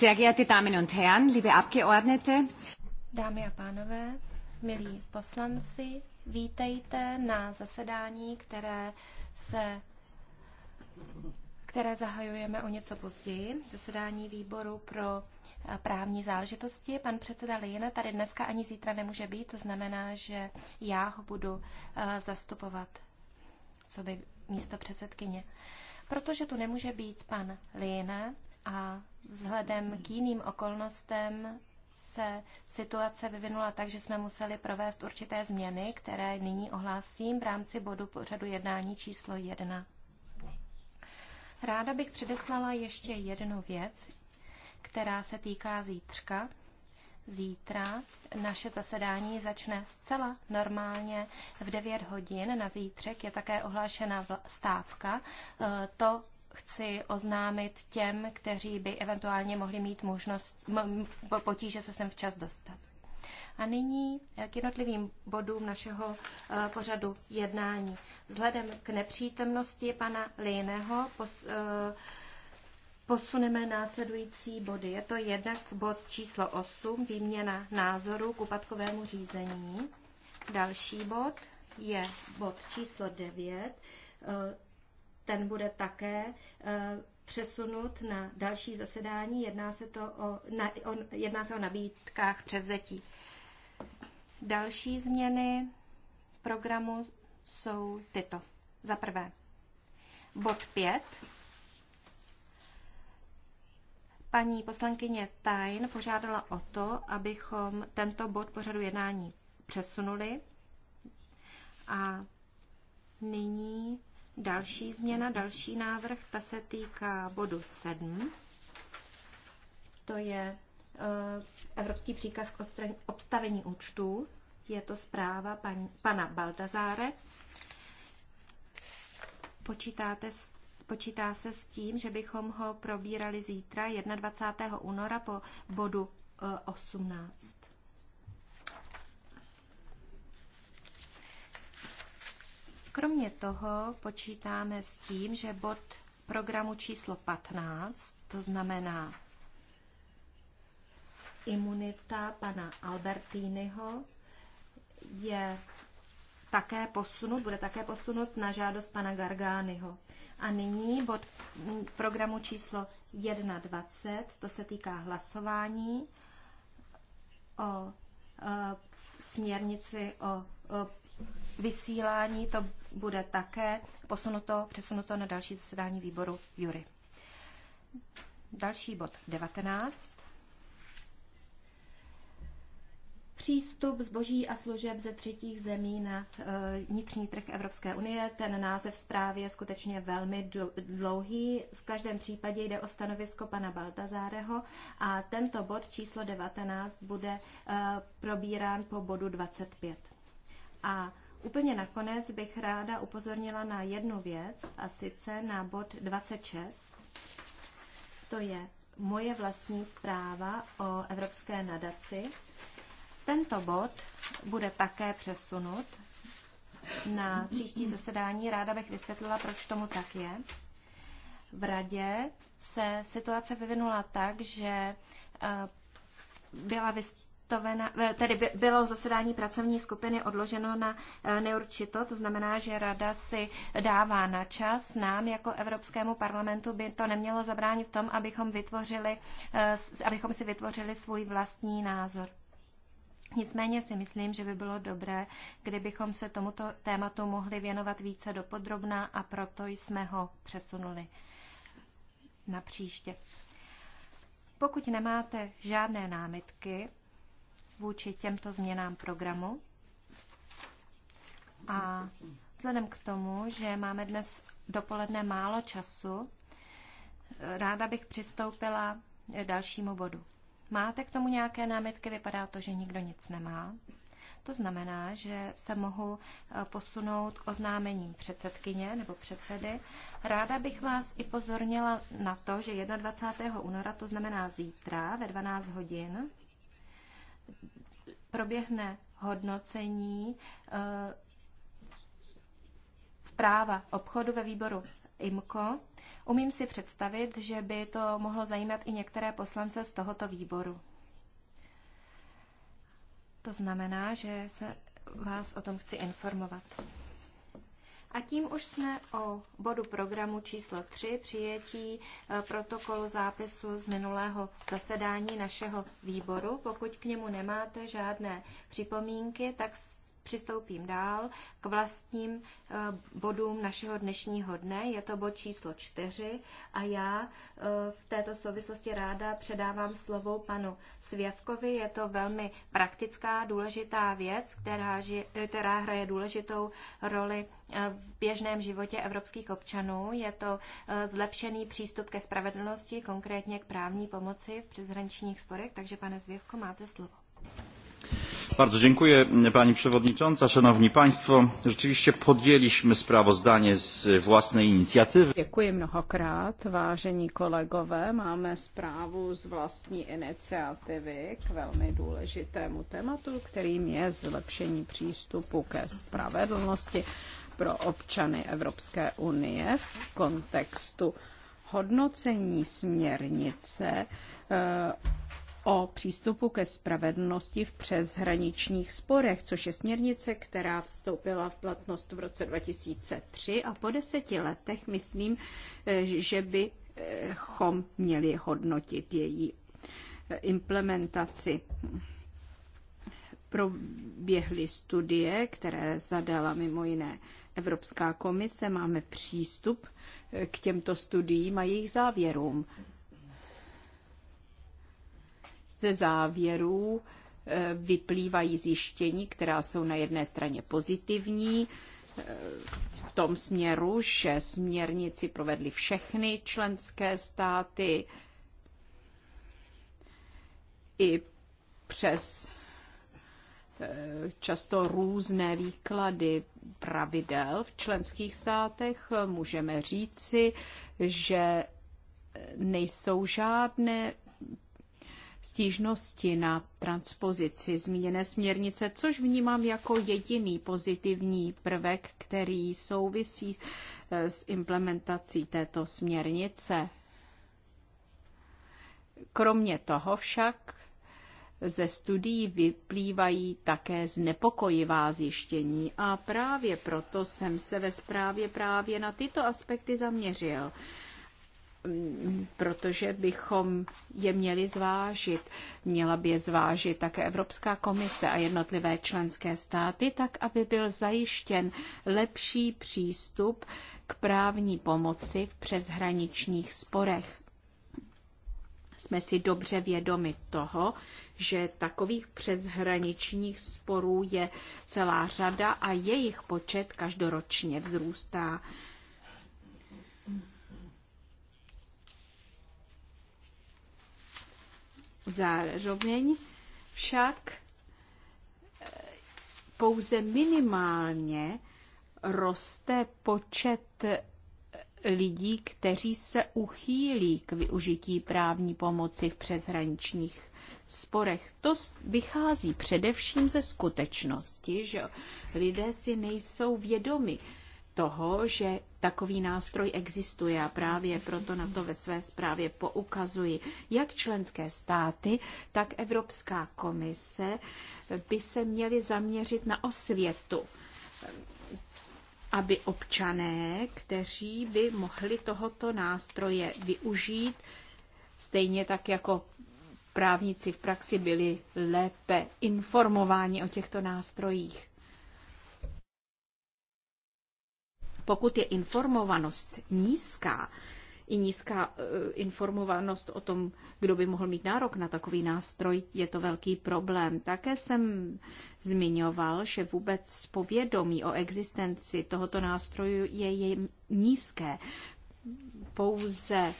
Sehr geehrte Damen und Herren, liebe Abgeordnete. Dámy a pánové, milí poslanci, vítejte na zasedání, které se které zahajujeme o něco později, zasedání výboru pro eh, právní záležitosti. Pan předseda Lijena tady dneska ani zítra nemůže být, to znamená, že já ho budu eh, zastupovat, co by místo předsedkyně. Protože tu nemůže být pan Lijena, a vzhledem k jiným okolnostem se situace vyvinula tak, že jsme museli provést určité změny, které nyní ohlásím v rámci bodu pořadu jednání číslo 1. Ráda bych předeslala ještě jednu věc, která se týká zítřka. Zítra naše zasedání začne zcela normálně v 9 hodin. Na zítřek je také ohlášena stávka. E, to chci oznámit těm, kteří by eventuálně mohli mít možnost, potíže se sem včas dostat. A nyní k jednotlivým bodům našeho eh, pořadu jednání. Vzhledem k nepřítomnosti pana Lineho eh, posuneme následující body. Je to jednak bod číslo 8, výměna názoru k upadkovému řízení. Další bod je bod číslo 9, ten bude také eh, přesunut na další zasedání. Jedná se, to o, na, o, jedná se o nabídkách převzetí. Další změny programu jsou tyto. Za prvé, bod 5. Paní poslankyně Tajn požádala o to, abychom tento bod pořadu jednání přesunuli a nyní Další změna, další návrh, ta se týká bodu 7. To je e, Evropský příkaz k obstavení účtů. Je to zpráva pan, pana Baltazáre. Počítáte s počítá se s tím, že bychom ho probírali zítra 21. února po bodu 18. E, Kromě toho počítáme s tím, že bod programu číslo 15, to znamená imunita pana Albertínyho, je také posunut, bude také posunut na žádost pana Gargányho. A nyní bod programu číslo 1.20, to se týká hlasování o e, směrnici o, o vysílání to bude také posunuto, přesunuto na další zasedání výboru Jury. Další bod 19. Přístup zboží a služeb ze třetích zemí na eh, vnitřní trh Evropské unie. Ten název zprávy je skutečně velmi dlouhý. V každém případě jde o stanovisko pana Baltazáreho a tento bod číslo 19 bude eh, probírán po bodu 25. A Úplně nakonec bych ráda upozornila na jednu věc, a sice na bod 26. To je moje vlastní zpráva o Evropské nadaci. Tento bod bude také přesunut na příští zasedání. Ráda bych vysvětlila, proč tomu tak je. V radě se situace vyvinula tak, že eh, byla uhotovena, eh, tedy bylo zasedání pracovní skupiny odloženo na eh, neurčito, to znamená, že rada si dává na čas. Nám jako Evropskému parlamentu by to nemělo zabránit v tom, abychom, vytvořili, eh, abychom si vytvořili svůj vlastní názor. Nicméně si myslím, že by bylo dobré, kdybychom se tomuto tématu mohli věnovat více dopodrobná a proto jsme ho přesunuli na příště. Pokud nemáte žádné námitky, vůči těmto změnám programu. A vzhledem k tomu, že máme dnes dopoledne málo času, ráda bych přistoupila dalšímu bodu. Máte k tomu nějaké námitky? Vypadá to, že nikdo nic nemá. To znamená, že se mohu eh, posunout k oznámením předsedkyně nebo předsedy. Ráda bych vás i pozornila na to, že 21. února, to znamená zítra ve 12 hodin, proběhne hodnocení eh, zpráva obchodu ve výboru IMKO. Umím si představit, že by to mohlo zajímat i některé poslance z tohoto výboru. To znamená, že se vás o tom chci informovat. A tím už jsme o bodu programu číslo 3 přijetí eh, protokolu zápisu z minulého zasedání našeho výboru. Pokud k němu nemáte žádné připomínky, tak přistoupím dál k vlastním eh, bodům našeho dnešního dne. Je to bod číslo čtyři a já eh, v této souvislosti ráda předávám slovo panu Svěvkovi. Je to velmi praktická, důležitá věc, která, eh, která hraje důležitou roli v běžném životě evropských občanů. Je to zlepšený přístup ke spravedlnosti, konkrétně k právní pomoci v přeshraničních sporech. Takže, pane Zvěvko, máte slovo. Bardzo dziękuję Pani Przewodnicząca, Szanowni Państwo. Rzeczywiście podjęliśmy sprawozdanie z własnej inicjatywy. mnohokrát, vážení kolegové. Máme zprávu z vlastní iniciativy k velmi důležitému tematu, kterým je zlepšení přístupu ke spravedlnosti pro občany Evropské unie v kontextu hodnocení směrnice eh, o přístupu ke spravedlnosti v přeshraničních sporech, což je směrnice, která vstoupila v platnost v roce 2003 a po deseti letech myslím, eh, že bychom měli hodnotit její eh, implementaci. Proběhly studie, které zadala mimo jiné Evropská komise, máme přístup eh, k těmto studiím a jejich závěrům. Ze závěrů eh, vyplývají zjištění, která jsou na jedné straně pozitivní, eh, v tom směru, že směrnici provedly všechny členské státy i přes eh, často různé výklady pravidel v členských státech, můžeme říci, že nejsou žádné stížnosti na transpozici zmíněné směrnice, což vnímám jako jediný pozitivní prvek, který souvisí eh, s implementací této směrnice. Kromě toho však ze studií vyplývají také znepokojivá zjištění a právě proto jsem se ve zprávě právě na tyto aspekty zaměřil. Mm, protože bychom je měli zvážit. Měla by je zvážit také Evropská komise a jednotlivé členské státy, tak aby byl zajištěn lepší přístup k právní pomoci v přeshraničních sporech. Jsme si dobře vědomi toho, že takových přeshraničních sporů je celá řada a jejich počet každoročně vzrůstá. Zároveň však e, pouze minimálně roste počet e, lidí, kteří se uchýlí k využití právní pomoci v přeshraničních sporech. To vychází především ze skutečnosti, že lidé si nejsou vědomi toho, že takový nástroj existuje a právě proto na to ve své zprávě poukazuji. Jak členské státy, tak Evropská komise by se měly zaměřit na osvětu aby občané, kteří by mohli tohoto nástroje využít, stejně tak jako právníci v praxi byli lépe informováni o těchto nástrojích. Pokud je informovanost nízká, i nízká e, informovanost o tom, kdo by mohl mít nárok na takový nástroj, je to velký problém. Také jsem zmiňoval, že vůbec povědomí o existenci tohoto nástroju je, je nízké. Pouze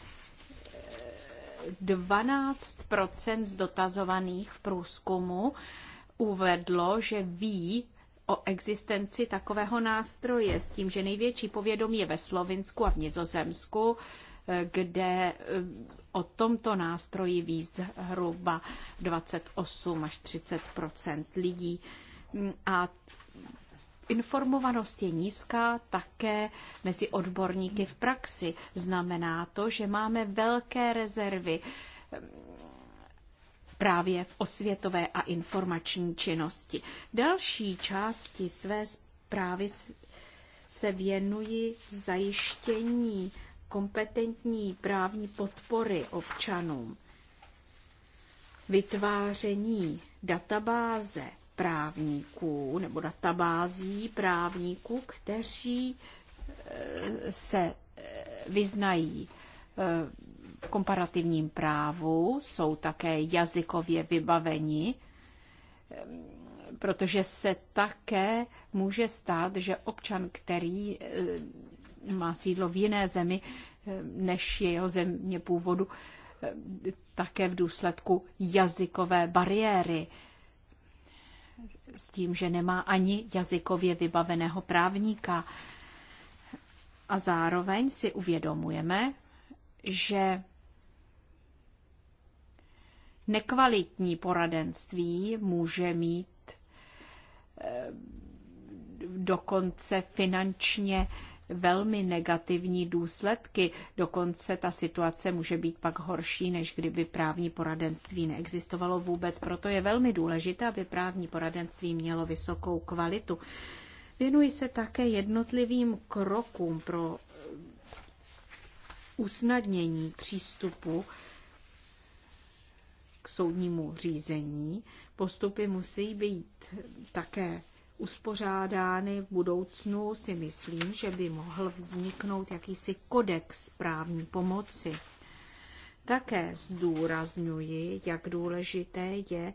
12 e, z dotazovaných v průzkumu uvedlo, že ví, o existenci takového nástroje s tím, že největší povědomí je ve Slovinsku a v Nizozemsku, eh, kde eh, o tomto nástroji ví zhruba 28 až 30 lidí. Mm, a Informovanost je nízká také mezi odborníky v praxi. Znamená to, že máme velké rezervy právě v osvětové a informační činnosti. Další části své zprávy se věnují zajištění kompetentní právní podpory občanům, vytváření databáze právníků nebo databází právníků, kteří eh, se eh, vyznají eh, komparativním právu, jsou také jazykově vybaveni, protože se také může stát, že občan, který eh, má sídlo v jiné zemi eh, než jeho země původu, eh, také v důsledku jazykové bariéry, s tím, že nemá ani jazykově vybaveného právníka. A zároveň si uvědomujeme, že nekvalitní poradenství může mít eh, dokonce finančně velmi negativní důsledky. Dokonce ta situace může být pak horší, než kdyby právní poradenství neexistovalo vůbec. Proto je velmi důležité, aby právní poradenství mělo vysokou kvalitu. Věnuji se také jednotlivým krokům pro eh, usnadnění přístupu k soudnímu řízení. Postupy musí být také uspořádány v budoucnu, si myslím, že by mohl vzniknout jakýsi kodex právní pomoci. Také zdůrazňuji, jak důležité je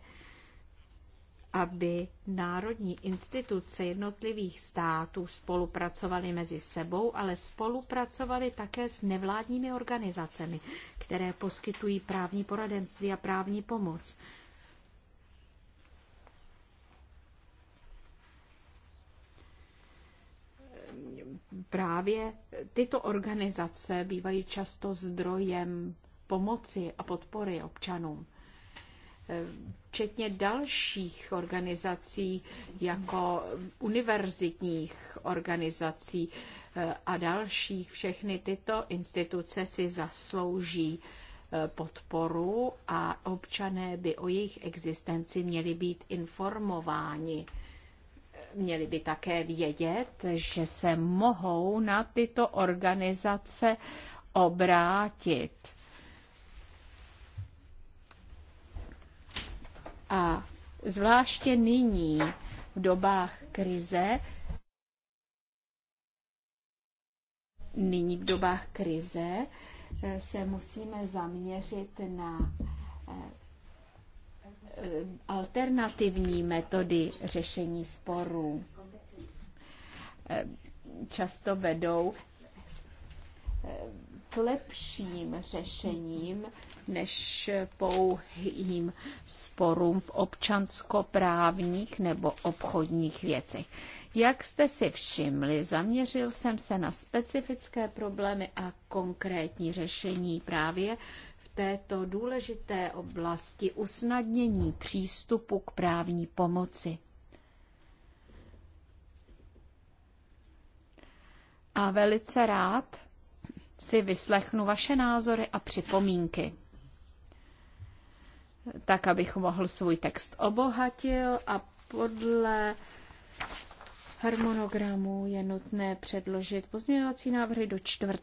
aby národní instituce jednotlivých států spolupracovaly mezi sebou, ale spolupracovaly také s nevládními organizacemi, které poskytují právní poradenství a právní pomoc. Právě tyto organizace bývají často zdrojem pomoci a podpory občanům včetně dalších organizací, jako univerzitních organizací eh, a dalších. Všechny tyto instituce si zaslouží eh, podporu a občané by o jejich existenci měli být informováni. Měli by také vědět, že se mohou na tyto organizace obrátit A zvláště nyní, v dobách krize, nyní v dobách krize eh, se musíme zaměřit na eh, alternativní metody řešení sporů. Eh, často vedou lepším řešením než pouhým sporům v občanskoprávních nebo obchodních věcech. Jak jste si všimli, zaměřil jsem se na specifické problémy a konkrétní řešení právě v této důležité oblasti usnadnění přístupu k právní pomoci. A velice rád si vyslechnu vaše názory a připomínky, tak abych mohl svůj text obohatil a podle harmonogramu je nutné předložit pozměňovací návrhy do 4.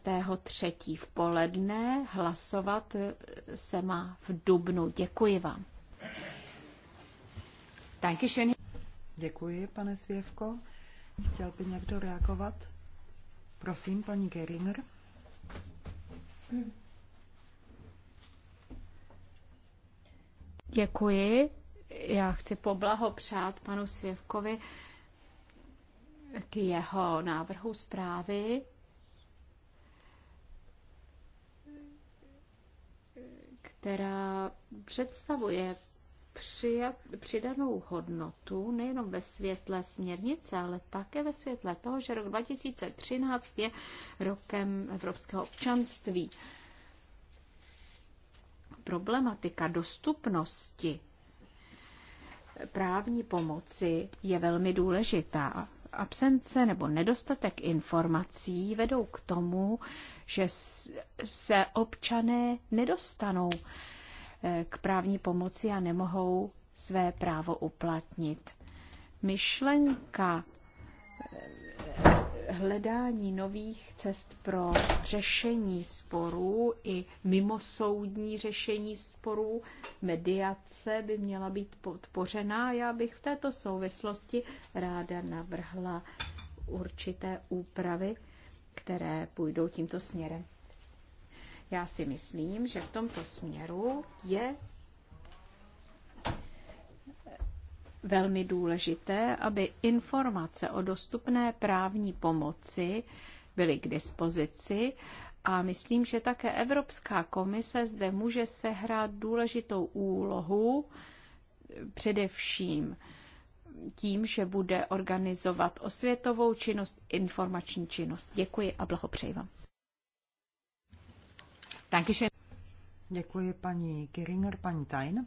třetí v poledne. Hlasovat se má v dubnu. Děkuji vám. Děkuji, pane Svěvko. Chtěl by někdo reagovat? Prosím, paní Geringer. Děkuji. Já chci poblahopřát panu Svěvkovi k jeho návrhu zprávy. která představuje přidanou hodnotu nejenom ve světle směrnice, ale také ve světle toho, že rok 2013 je rokem evropského občanství. Problematika dostupnosti právní pomoci je velmi důležitá. Absence nebo nedostatek informací vedou k tomu, že se občané nedostanou k právní pomoci a nemohou své právo uplatnit. Myšlenka eh, hledání nových cest pro řešení sporů i mimosoudní řešení sporů, mediace by měla být podpořená. Já bych v této souvislosti ráda navrhla určité úpravy, které půjdou tímto směrem. Já si myslím, že v tomto směru je velmi důležité, aby informace o dostupné právní pomoci byly k dispozici a myslím, že také Evropská komise zde může sehrát důležitou úlohu, především tím, že bude organizovat osvětovou činnost, informační činnost. Děkuji a blahopřeji vám. Dankeschön. Děkuji paní Geringer, paní Tajn.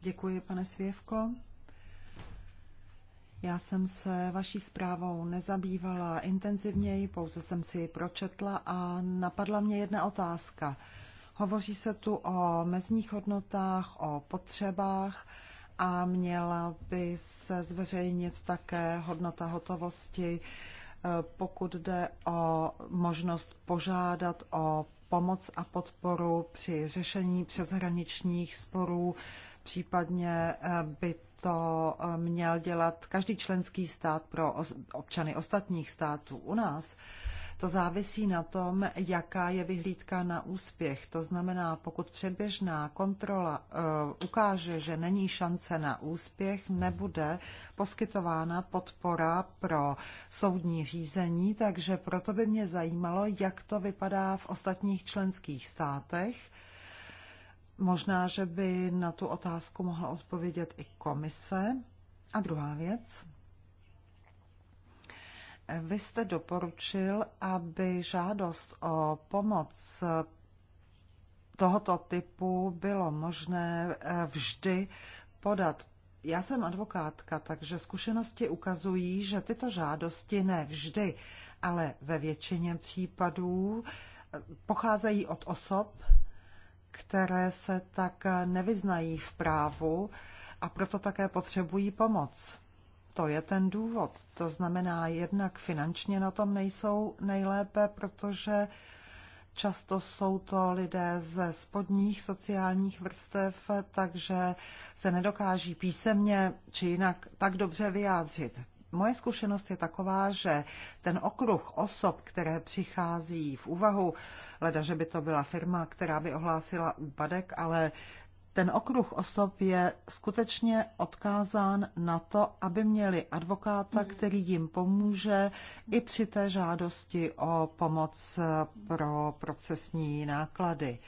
Děkuji, pane Svěvko. Já jsem se vaší zprávou nezabývala intenzivněji, pouze jsem si ji pročetla a napadla mě jedna otázka. Hovoří se tu o mezních hodnotách, o potřebách a měla by se zveřejnit také hodnota hotovosti Eh, pokud jde o možnost požádat o pomoc a podporu při řešení přeshraničních sporů, případně eh, by to eh, měl dělat každý členský stát pro občany ostatních států u nás. To závisí na tom, jaká je vyhlídka na úspěch. To znamená, pokud předběžná kontrola eh, ukáže, že není šance na úspěch, nebude poskytována podpora pro soudní řízení, takže proto by mě zajímalo, jak to vypadá v ostatních členských státech. Možná, že by na tu otázku mohla odpovědět i komise. A druhá věc. Vy jste doporučil, aby žádost o pomoc tohoto typu bylo možné eh, vždy podat. Já jsem advokátka, takže zkušenosti ukazují, že tyto žádosti ne vždy, ale ve většině případů eh, pocházejí od osob, které se tak nevyznají v právu a proto také potřebují pomoc to je ten důvod. To znamená, jednak finančně na tom nejsou nejlépe, protože Často jsou to lidé ze spodních sociálních vrstev, takže se nedokáží písemně či jinak tak dobře vyjádřit. Moje zkušenost je taková, že ten okruh osob, které přichází v úvahu, leda, že by to byla firma, která by ohlásila úpadek, ale ten okruh osob je skutečně odkázán na to, aby měli advokáta, mhm. který jim pomůže i při té žádosti o pomoc pro procesní náklady.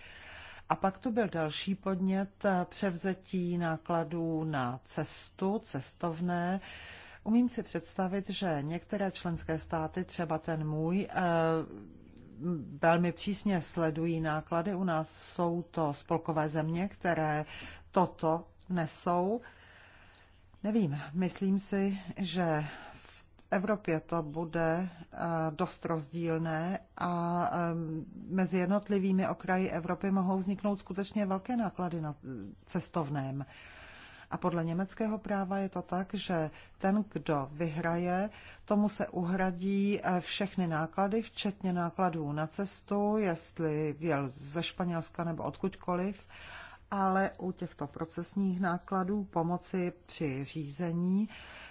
A pak tu byl další podnět převzetí nákladů na cestu, cestovné. Umím si představit, že některé členské státy, třeba ten můj, eh, velmi přísně sledují náklady. U nás jsou to spolkové země, které toto nesou. Nevím, myslím si, že v Evropě to bude eh, dost rozdílné a eh, mezi jednotlivými okraji Evropy mohou vzniknout skutečně velké náklady na eh, cestovném. A podle německého práva je to tak, že ten, kdo vyhraje, tomu se uhradí eh, všechny náklady, včetně nákladů na cestu, jestli jel ze Španělska nebo odkudkoliv ale u těchto procesních nákladů pomoci při řízení,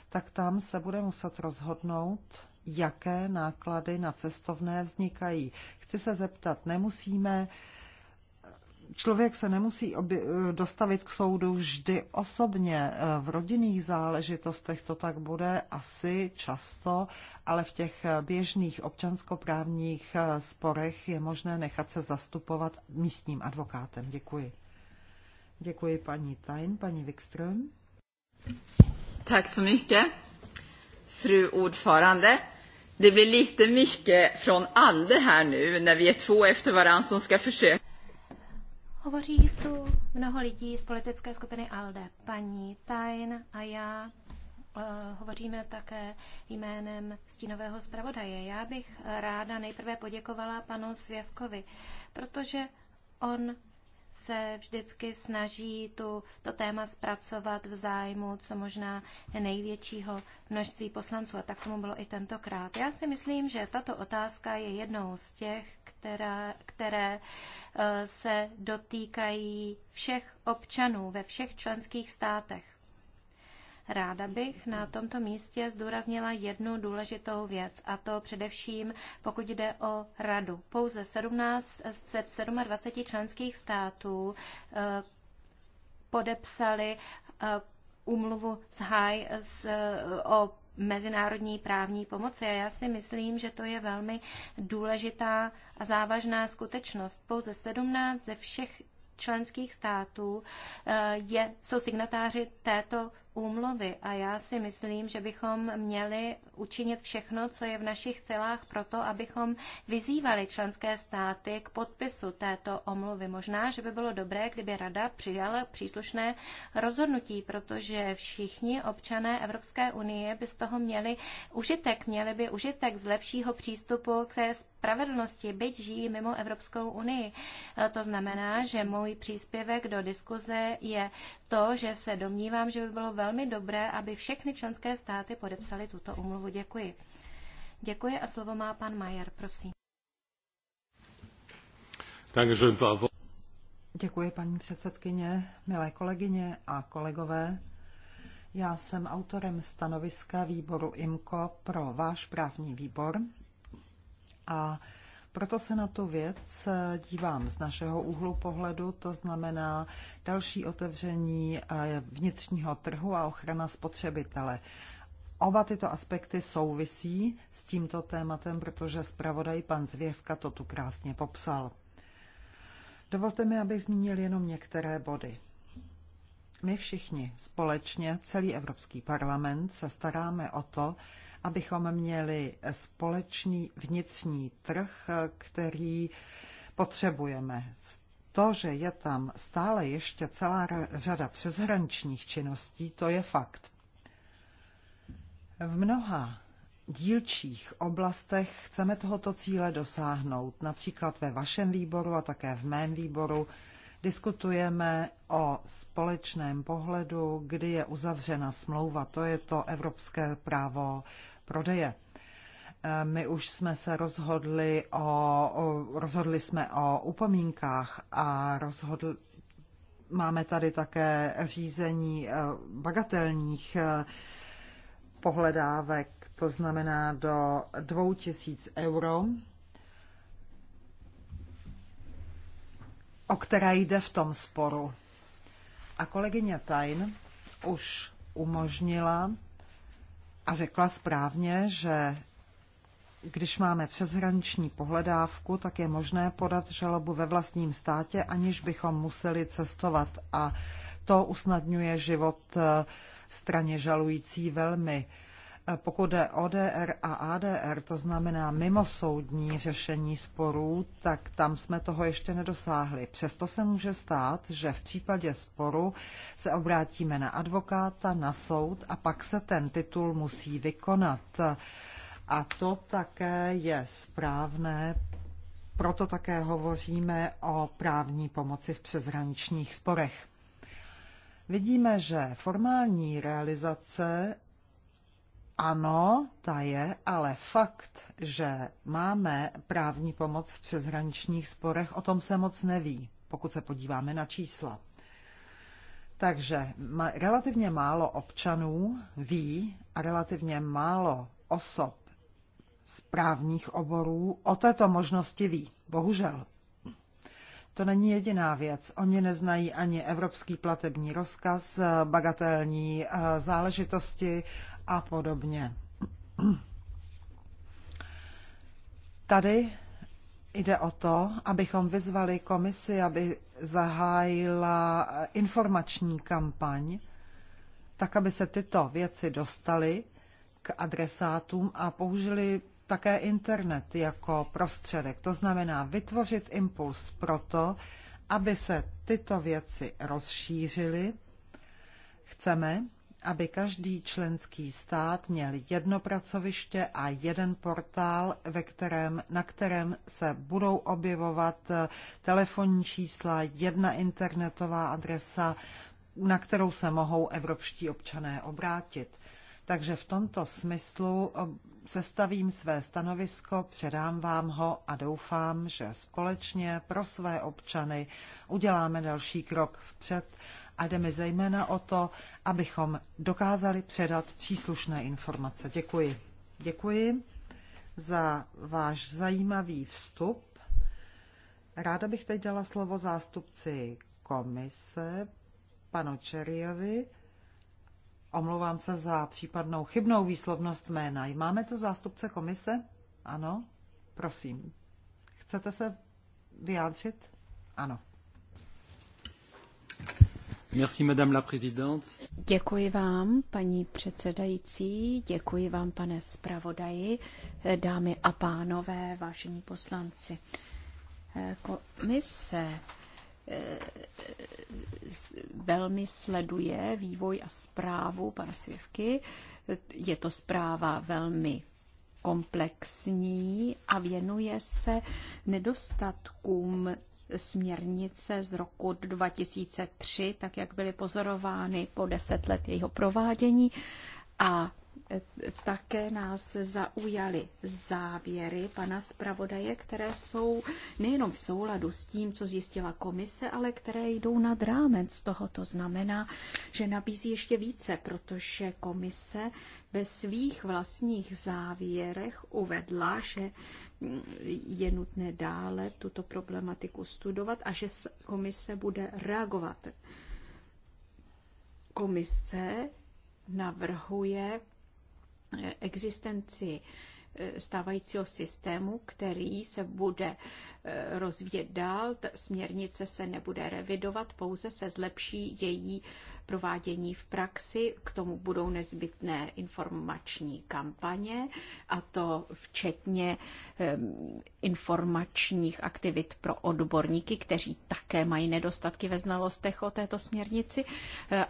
tak tam se bude muset rozhodnout, jaké náklady na cestovné vznikají. Chci se zeptat, nemusíme člověk se nemusí eh, dostavit k soudu vždy osobně. Eh, v rodinných záležitostech to tak bude asi často, ale v těch eh, běžných občanskoprávních sporech je možné nechat se zastupovat místním advokátem. Děkuji. Děkuji paní Tajn, paní Wikström. Tak så mycket, fru ordförande. Det blir lite mycket från Alde här nu när vi är två efter varandra som ska försöka Hovoří tu mnoho lidí z politické skupiny ALDE. Paní Tajn a já eh, hovoříme také jménem stínového zpravodaje. Já bych ráda nejprve poděkovala panu Svěvkovi, protože on se vždycky snaží tu, to téma zpracovat v zájmu co možná největšího množství poslanců. A tak tomu bylo i tentokrát. Já si myslím, že tato otázka je jednou z těch, která, které eh, se dotýkají všech občanů ve všech členských státech. Ráda bych na tomto místě zdůraznila jednu důležitou věc, a to především pokud jde o radu. Pouze 17 z 27 členských států eh, podepsali umluvu eh, z High z, o mezinárodní právní pomoci. A já si myslím, že to je velmi důležitá a závažná skutečnost. Pouze 17 ze všech členských států eh, je, jsou signatáři této úmluvy a já si myslím, že bychom měli učinit všechno, co je v našich celách proto, abychom vyzývali členské státy k podpisu této omluvy. Možná, že by bylo dobré, kdyby Rada přijala příslušné rozhodnutí, protože všichni občané Evropské unie by z toho měli užitek, měli by užitek z lepšího přístupu k té spravedlnosti, byť žijí mimo Evropskou unii. To znamená, že můj příspěvek do diskuze je to, že se domnívám, že by bylo velmi dobré, aby všechny členské státy podepsaly tuto umluvu. Děkuji. Děkuji a slovo má pan Majer, prosím. Děkuji, paní předsedkyně, milé kolegyně a kolegové. Já jsem autorem stanoviska výboru IMCO pro váš právní výbor a proto se na tu věc eh, dívám z našeho úhlu pohledu, to znamená další otevření eh, vnitřního trhu a ochrana spotřebitele. Oba tyto aspekty souvisí s tímto tématem, protože zpravodaj pan Zvěvka to tu krásně popsal. Dovolte mi, abych zmínil jenom některé body. My všichni společně, celý Evropský parlament, se staráme o to, abychom měli společný vnitřní trh, který potřebujeme. To, že je tam stále ještě celá řada přeshraničních činností, to je fakt. V mnoha dílčích oblastech chceme tohoto cíle dosáhnout, například ve vašem výboru a také v mém výboru Diskutujeme o společném pohledu, kdy je uzavřena smlouva. To je to evropské právo prodeje. E, my už jsme se rozhodli o, o rozhodli jsme o upomínkách a rozhodl, máme tady také řízení e, bagatelních e, pohledávek, to znamená do 2000 euro. o které jde v tom sporu. A kolegyně Tajn už umožnila a řekla správně, že když máme přeshraniční pohledávku, tak je možné podat žalobu ve vlastním státě, aniž bychom museli cestovat. A to usnadňuje život eh, straně žalující velmi. Pokud jde ODR a ADR, to znamená mimosoudní řešení sporů, tak tam jsme toho ještě nedosáhli. Přesto se může stát, že v případě sporu se obrátíme na advokáta, na soud a pak se ten titul musí vykonat. A to také je správné, proto také hovoříme o právní pomoci v přezraničních sporech. Vidíme, že formální realizace ano, ta je, ale fakt, že máme právní pomoc v přeshraničních sporech, o tom se moc neví, pokud se podíváme na čísla. Takže relativně málo občanů ví a relativně málo osob z právních oborů o této možnosti ví. Bohužel. To není jediná věc. Oni neznají ani evropský platební rozkaz, bagatelní eh, záležitosti, a podobně. Tady jde o to, abychom vyzvali komisi, aby zahájila informační kampaň, tak aby se tyto věci dostaly k adresátům a použili také internet jako prostředek. To znamená vytvořit impuls pro to, aby se tyto věci rozšířily. Chceme, aby každý členský stát měl jedno pracoviště a jeden portál, ve kterém, na kterém se budou objevovat eh, telefonní čísla, jedna internetová adresa, na kterou se mohou evropští občané obrátit. Takže v tomto smyslu eh, sestavím své stanovisko, předám vám ho a doufám, že společně pro své občany uděláme další krok vpřed a jde mi zejména o to, abychom dokázali předat příslušné informace. Děkuji. Děkuji za váš zajímavý vstup. Ráda bych teď dala slovo zástupci komise, panu Čerijovi. Omlouvám se za případnou chybnou výslovnost jména. Máme tu zástupce komise? Ano, prosím. Chcete se vyjádřit? Ano. Merci, madame la présidente. Děkuji vám, paní předsedající, děkuji vám, pane zpravodaji, dámy a pánové, vážení poslanci. Komise eh, velmi sleduje vývoj a zprávu pana Svěvky. Je to zpráva velmi komplexní a věnuje se nedostatkům směrnice z roku 2003, tak jak byly pozorovány po deset let jejího provádění. A e, také nás zaujaly závěry pana zpravodaje, které jsou nejenom v souladu s tím, co zjistila komise, ale které jdou nad rámec toho. To znamená, že nabízí ještě více, protože komise ve svých vlastních závěrech uvedla, že je nutné dále tuto problematiku studovat a že komise bude reagovat. Komise navrhuje eh, existenci eh, stávajícího systému, který se bude eh, rozvíjet dál. Směrnice se nebude revidovat, pouze se zlepší její provádění v praxi. K tomu budou nezbytné informační kampaně, a to včetně informačních aktivit pro odborníky, kteří také mají nedostatky ve znalostech o této směrnici. E,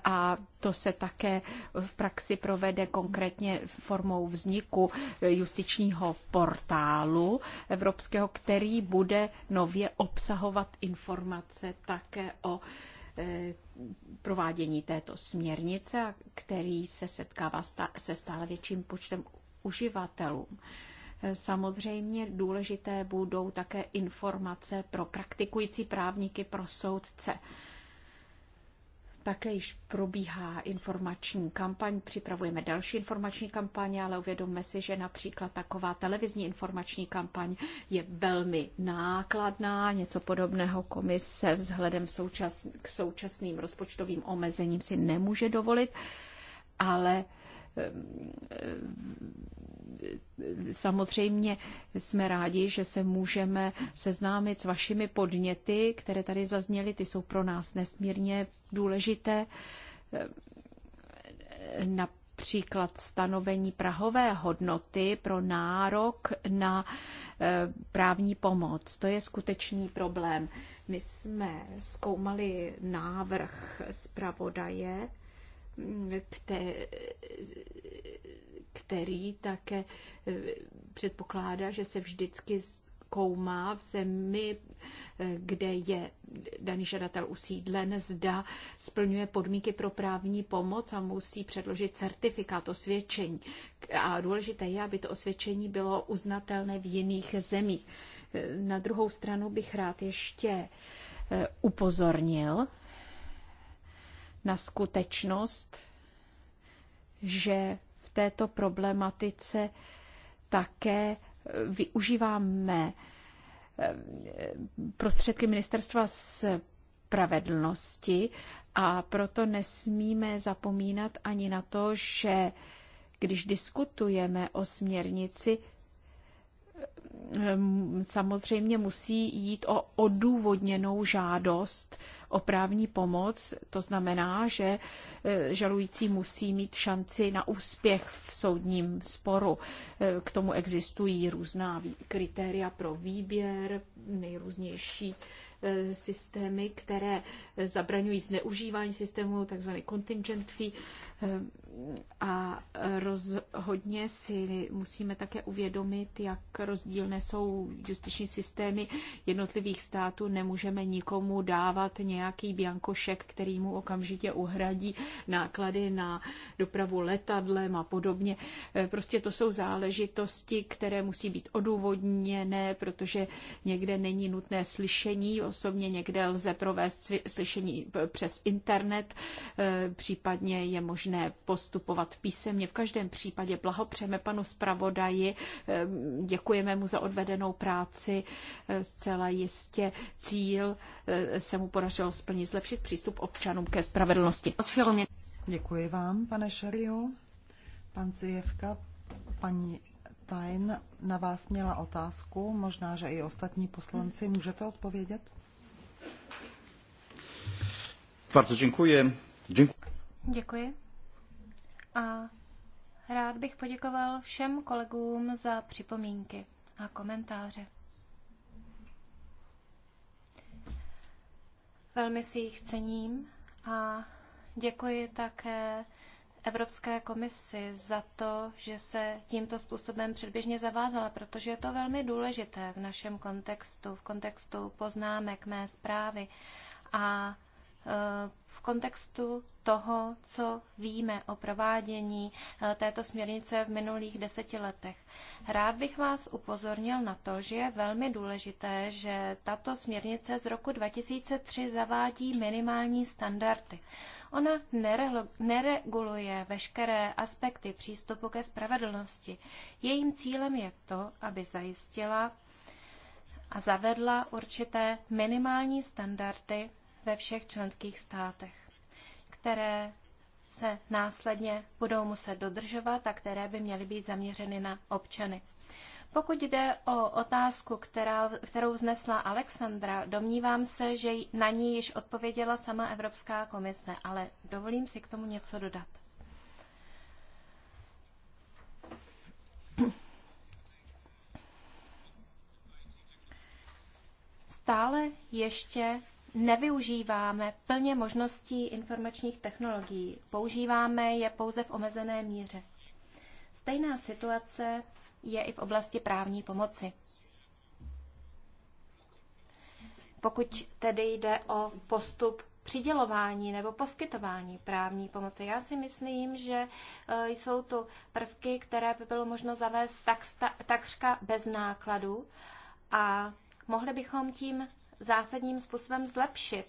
a to se také v praxi provede konkrétně formou vzniku e, justičního portálu evropského, který bude nově obsahovat informace také o e, provádění této směrnice, který se setkává se stále větším počtem uživatelů. Samozřejmě důležité budou také informace pro praktikující právníky, pro soudce. Také již probíhá informační kampaň, připravujeme další informační kampaň, ale uvědomme si, že například taková televizní informační kampaň je velmi nákladná. Něco podobného komise vzhledem součas, k současným rozpočtovým omezením si nemůže dovolit, ale Samozřejmě jsme rádi, že se můžeme seznámit s vašimi podněty, které tady zazněly. Ty jsou pro nás nesmírně důležité. Například stanovení prahové hodnoty pro nárok na eh, právní pomoc. To je skutečný problém. My jsme zkoumali návrh zpravodaje který také eh, předpokládá, že se vždycky zkoumá v zemi, eh, kde je daný žadatel usídlen, zda splňuje podmínky pro právní pomoc a musí předložit certifikát osvědčení. A důležité je, aby to osvědčení bylo uznatelné v jiných zemích. Eh, na druhou stranu bych rád ještě upozornil, na skutečnost, že v této problematice také využíváme eh, prostředky ministerstva spravedlnosti a proto nesmíme zapomínat ani na to, že když diskutujeme o směrnici, eh, samozřejmě musí jít o odůvodněnou žádost o právní pomoc. To znamená, že e, žalující musí mít šanci na úspěch v soudním sporu. E, k tomu existují různá kritéria pro výběr, nejrůznější e, systémy, které zabraňují zneužívání systému, takzvaný contingent fee, a rozhodně si musíme také uvědomit, jak rozdílné jsou justiční systémy jednotlivých států. Nemůžeme nikomu dávat nějaký biankošek, který mu okamžitě uhradí náklady na dopravu letadlem a podobně. Eh, prostě to jsou záležitosti, které musí být odůvodněné, protože někde není nutné slyšení, osobně někde lze provést slyšení přes internet, eh, případně je možné možné postupovat písemně. V každém případě blahopřejeme panu zpravodaji, eh, děkujeme mu za odvedenou práci. Eh, zcela jistě cíl eh, se mu podařilo splnit, zlepšit přístup občanům ke spravedlnosti. Děkuji vám, pane Šeriu. Pan Cijevka, paní Tajn na vás měla otázku, možná, že i ostatní poslanci. Můžete odpovědět? Bardzo dziękuję. Dziękuję. Děkuji a rád bych poděkoval všem kolegům za připomínky a komentáře. Velmi si jich cením a děkuji také Evropské komisi za to, že se tímto způsobem předběžně zavázala, protože je to velmi důležité v našem kontextu, v kontextu poznámek mé zprávy a e, v kontextu toho, co víme o provádění eh, této směrnice v minulých deseti letech. Rád bych vás upozornil na to, že je velmi důležité, že tato směrnice z roku 2003 zavádí minimální standardy. Ona nereguluje veškeré aspekty přístupu ke spravedlnosti. Jejím cílem je to, aby zajistila a zavedla určité minimální standardy ve všech členských státech které se následně budou muset dodržovat a které by měly být zaměřeny na občany. Pokud jde o otázku, která, kterou vznesla Alexandra, domnívám se, že na ní již odpověděla sama Evropská komise, ale dovolím si k tomu něco dodat. Stále ještě nevyužíváme plně možností informačních technologií. Používáme je pouze v omezené míře. Stejná situace je i v oblasti právní pomoci. Pokud tedy jde o postup přidělování nebo poskytování právní pomoci. Já si myslím, že e, jsou tu prvky, které by bylo možno zavést tak, takřka bez nákladu a mohli bychom tím zásadním způsobem zlepšit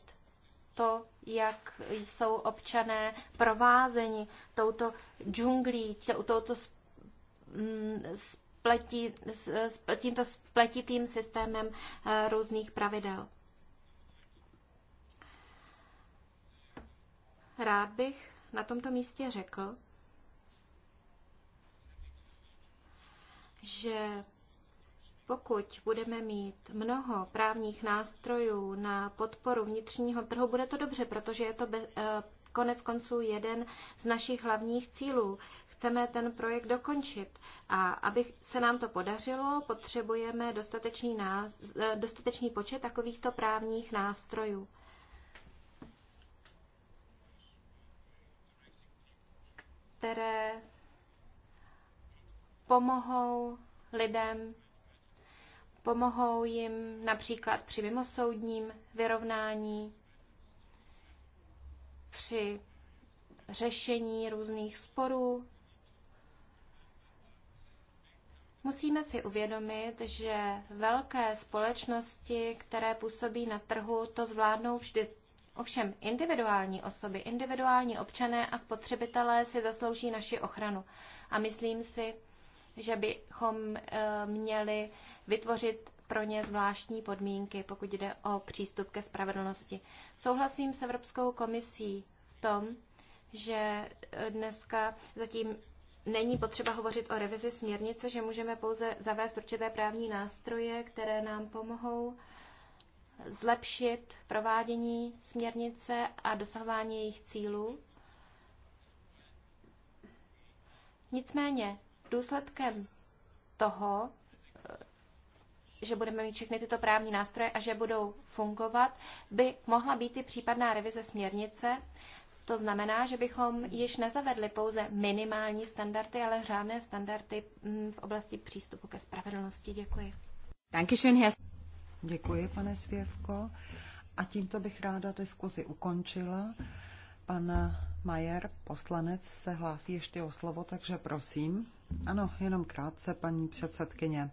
to, jak jsou občané provázeni touto džunglí, touto mm, spletí, tímto spletitým systémem eh, různých pravidel. Rád bych na tomto místě řekl, že pokud budeme mít mnoho právních nástrojů na podporu vnitřního trhu, bude to dobře, protože je to bez, eh, konec konců jeden z našich hlavních cílů. Chceme ten projekt dokončit a aby se nám to podařilo, potřebujeme dostatečný, nás, eh, dostatečný počet takovýchto právních nástrojů. které pomohou lidem Pomohou jim například při mimosoudním vyrovnání, při řešení různých sporů. Musíme si uvědomit, že velké společnosti, které působí na trhu, to zvládnou vždy. Ovšem individuální osoby, individuální občané a spotřebitelé si zaslouží naši ochranu. A myslím si, že bychom eh, měli vytvořit pro ně zvláštní podmínky, pokud jde o přístup ke spravedlnosti. Souhlasím s Evropskou komisí v tom, že eh, dneska zatím není potřeba hovořit o revizi směrnice, že můžeme pouze zavést určité právní nástroje, které nám pomohou zlepšit provádění směrnice a dosahování jejich cílů. Nicméně důsledkem toho, že budeme mít všechny tyto právní nástroje a že budou fungovat, by mohla být i případná revize směrnice. To znamená, že bychom již nezavedli pouze minimální standardy, ale řádné standardy mm, v oblasti přístupu ke spravedlnosti. Děkuji. Děkuji, pane Svěvko. A tímto bych ráda diskuzi ukončila. Pan Majer, poslanec, se hlásí ještě o slovo, takže prosím. Ano, jenom krátce, paní předsedkyně.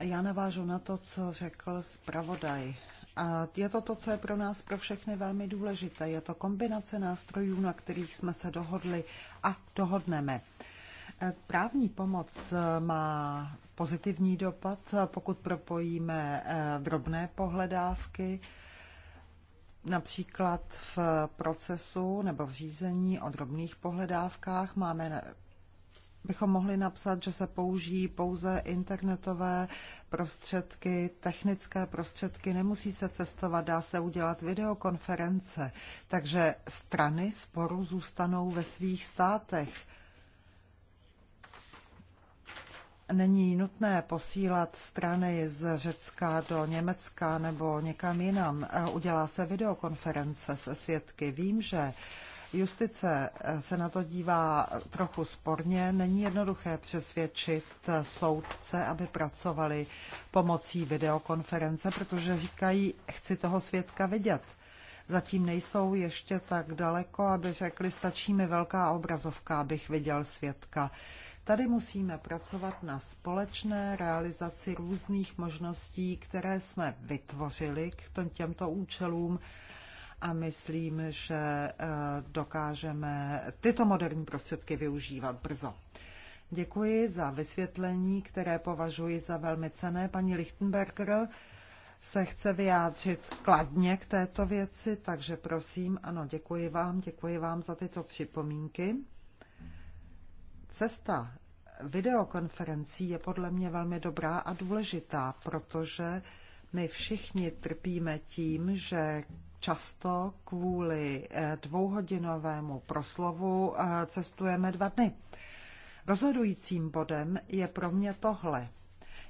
Já navážu na to, co řekl zpravodaj. A je to to, co je pro nás, pro všechny velmi důležité. Je to kombinace nástrojů, na kterých jsme se dohodli a dohodneme. E, právní pomoc e, má pozitivní dopad, pokud propojíme e, drobné pohledávky, například v procesu nebo v řízení o drobných pohledávkách máme bychom mohli napsat, že se použijí pouze internetové prostředky, technické prostředky, nemusí se cestovat, dá se udělat videokonference. Takže strany sporu zůstanou ve svých státech. Není nutné posílat strany z Řecka do Německa nebo někam jinam. Udělá se videokonference se svědky. Vím, že Justice eh, se na to dívá trochu sporně. Není jednoduché přesvědčit eh, soudce, aby pracovali pomocí videokonference, protože říkají, chci toho svědka vidět. Zatím nejsou ještě tak daleko, aby řekli, stačí mi velká obrazovka, abych viděl svědka. Tady musíme pracovat na společné realizaci různých možností, které jsme vytvořili k těmto účelům a myslím, že eh, dokážeme tyto moderní prostředky využívat brzo. Děkuji za vysvětlení, které považuji za velmi cené. Paní Lichtenberger se chce vyjádřit kladně k této věci, takže prosím, ano, děkuji vám, děkuji vám za tyto připomínky. Cesta videokonferencí je podle mě velmi dobrá a důležitá, protože my všichni trpíme tím, že často kvůli eh, dvouhodinovému proslovu eh, cestujeme dva dny. Rozhodujícím bodem je pro mě tohle.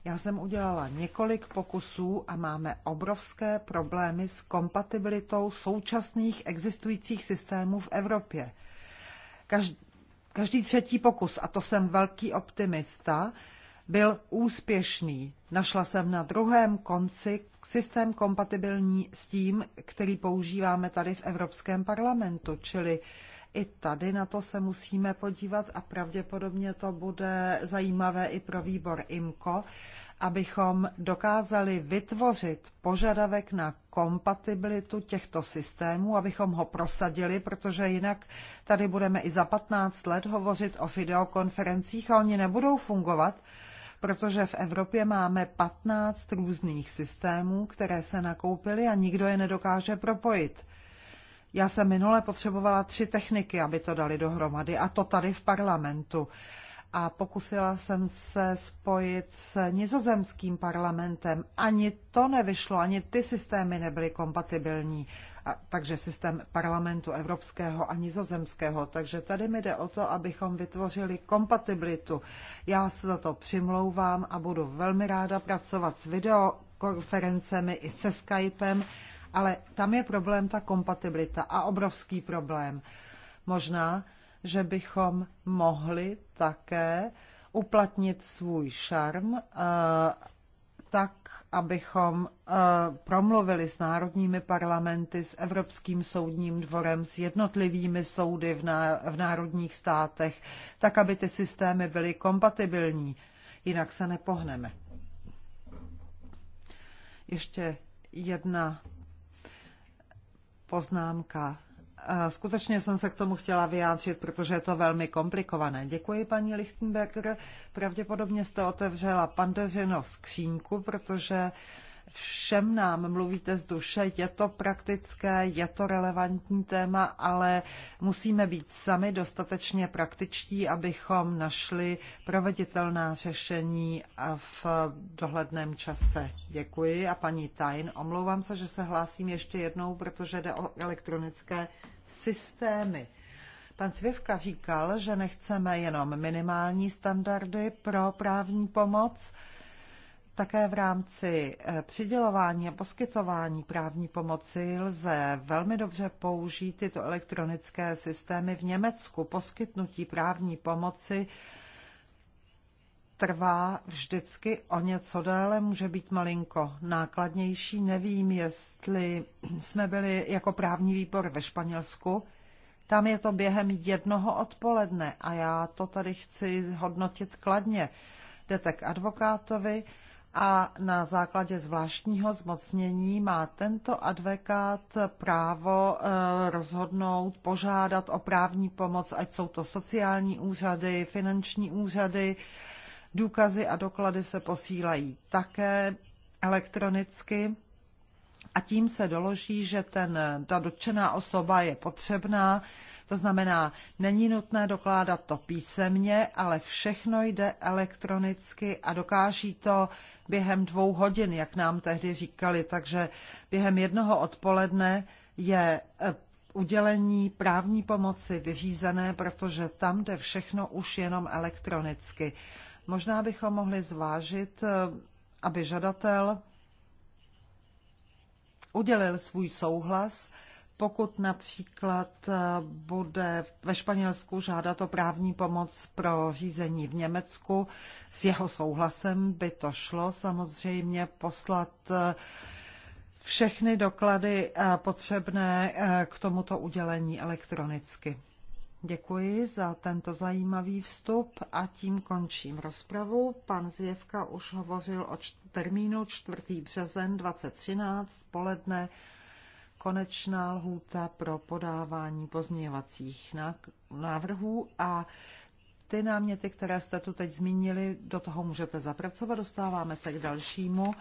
Já jsem udělala několik pokusů a máme obrovské problémy s kompatibilitou současných existujících systémů v Evropě. Každý, každý třetí pokus, a to jsem velký optimista, byl úspěšný. Našla jsem na druhém konci systém kompatibilní s tím, který používáme tady v Evropském parlamentu, čili i tady na to se musíme podívat a pravděpodobně to bude zajímavé i pro výbor IMCO, abychom dokázali vytvořit požadavek na kompatibilitu těchto systémů, abychom ho prosadili, protože jinak tady budeme i za 15 let hovořit o videokonferencích a oni nebudou fungovat protože v Evropě máme 15 různých systémů, které se nakoupily a nikdo je nedokáže propojit. Já jsem minule potřebovala tři techniky, aby to dali dohromady a to tady v parlamentu. A pokusila jsem se spojit s nizozemským parlamentem. Ani to nevyšlo, ani ty systémy nebyly kompatibilní takže systém parlamentu evropského a nizozemského. Takže tady mi jde o to, abychom vytvořili kompatibilitu. Já se za to přimlouvám a budu velmi ráda pracovat s videokonferencemi i se Skypem, ale tam je problém ta kompatibilita a obrovský problém. Možná, že bychom mohli také uplatnit svůj šarm eh, tak, abychom eh, promluvili s národními parlamenty, s Evropským soudním dvorem, s jednotlivými soudy v, ná, v národních státech, tak, aby ty systémy byly kompatibilní. Jinak se nepohneme. Ještě jedna poznámka Skutečně jsem se k tomu chtěla vyjádřit, protože je to velmi komplikované. Děkuji, paní Lichtenberger. Pravděpodobně jste otevřela pandeřinou skřínku, protože uh, všem nám mluvíte z duše, je to praktické, je to relevantní téma, ale musíme být sami dostatečně praktičtí, abychom našli proveditelná řešení v dohledném čase. Děkuji a paní Tajn, omlouvám se, že se hlásím ještě jednou, protože jde o elektronické systémy. Pan Cvěvka říkal, že nechceme jenom minimální standardy pro právní pomoc, také v rámci eh, přidělování a poskytování právní pomoci lze velmi dobře použít tyto elektronické systémy. V Německu poskytnutí právní pomoci trvá vždycky o něco déle, může být malinko nákladnější. Nevím, jestli jsme byli jako právní výbor ve Španělsku. Tam je to během jednoho odpoledne a já to tady chci hodnotit kladně. Jdete k advokátovi, a na základě zvláštního zmocnění má tento advokát právo eh, rozhodnout, požádat o právní pomoc, ať jsou to sociální úřady, finanční úřady. Důkazy a doklady se posílají také elektronicky a tím se doloží, že ten, ta dotčená osoba je potřebná to znamená, není nutné dokládat to písemně, ale všechno jde elektronicky a dokáží to během dvou hodin, jak nám tehdy říkali. Takže během jednoho odpoledne je eh, udělení právní pomoci vyřízené, protože tam jde všechno už jenom elektronicky. Možná bychom mohli zvážit, eh, aby žadatel udělil svůj souhlas pokud například eh, bude ve Španělsku žádat o právní pomoc pro řízení v Německu, s jeho souhlasem by to šlo samozřejmě poslat eh, všechny doklady eh, potřebné k tomuto udělení elektronicky. Děkuji za tento zajímavý vstup a tím končím rozpravu. Pan Zjevka už hovořil o termínu 4. březen 2013 poledne konečná lhůta pro podávání pozměňovacích návrhů a ty náměty, které jste tu teď zmínili, do toho můžete zapracovat. Dostáváme se k dalšímu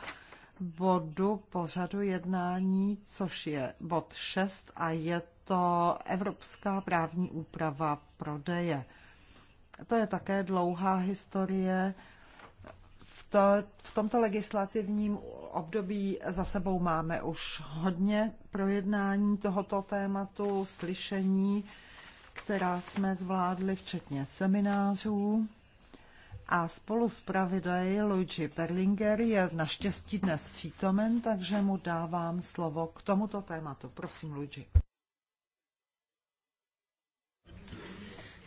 bodu pořadu jednání, což je bod 6 a je to Evropská právní úprava prodeje. To je také dlouhá historie to, v tomto legislativním období za sebou máme už hodně projednání tohoto tématu, slyšení, která jsme zvládli, včetně seminářů. A spolu s pravidly Luigi Perlinger je naštěstí dnes přítomen, takže mu dávám slovo k tomuto tématu. Prosím, Luigi.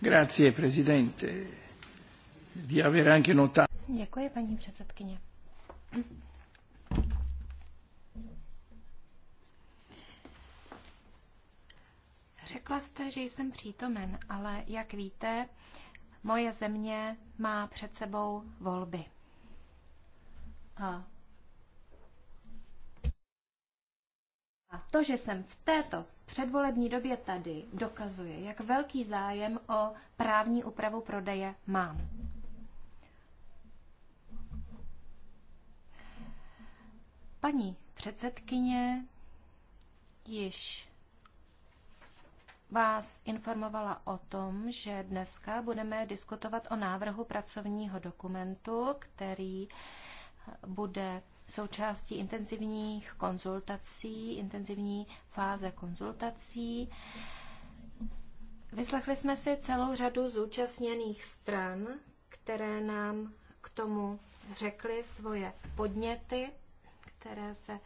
Grazie, presidente. Di aver anche notato. Děkuji, paní předsedkyně. Řekla jste, že jsem přítomen, ale jak víte, moje země má před sebou volby. A A to, že jsem v této předvolební době tady, dokazuje, jak velký zájem o právní úpravu prodeje mám. Paní předsedkyně již vás informovala o tom, že dneska budeme diskutovat o návrhu pracovního dokumentu, který bude součástí intenzivních konzultací, intenzivní fáze konzultací. Vyslechli jsme si celou řadu zúčastněných stran, které nám k tomu řekly svoje podněty které se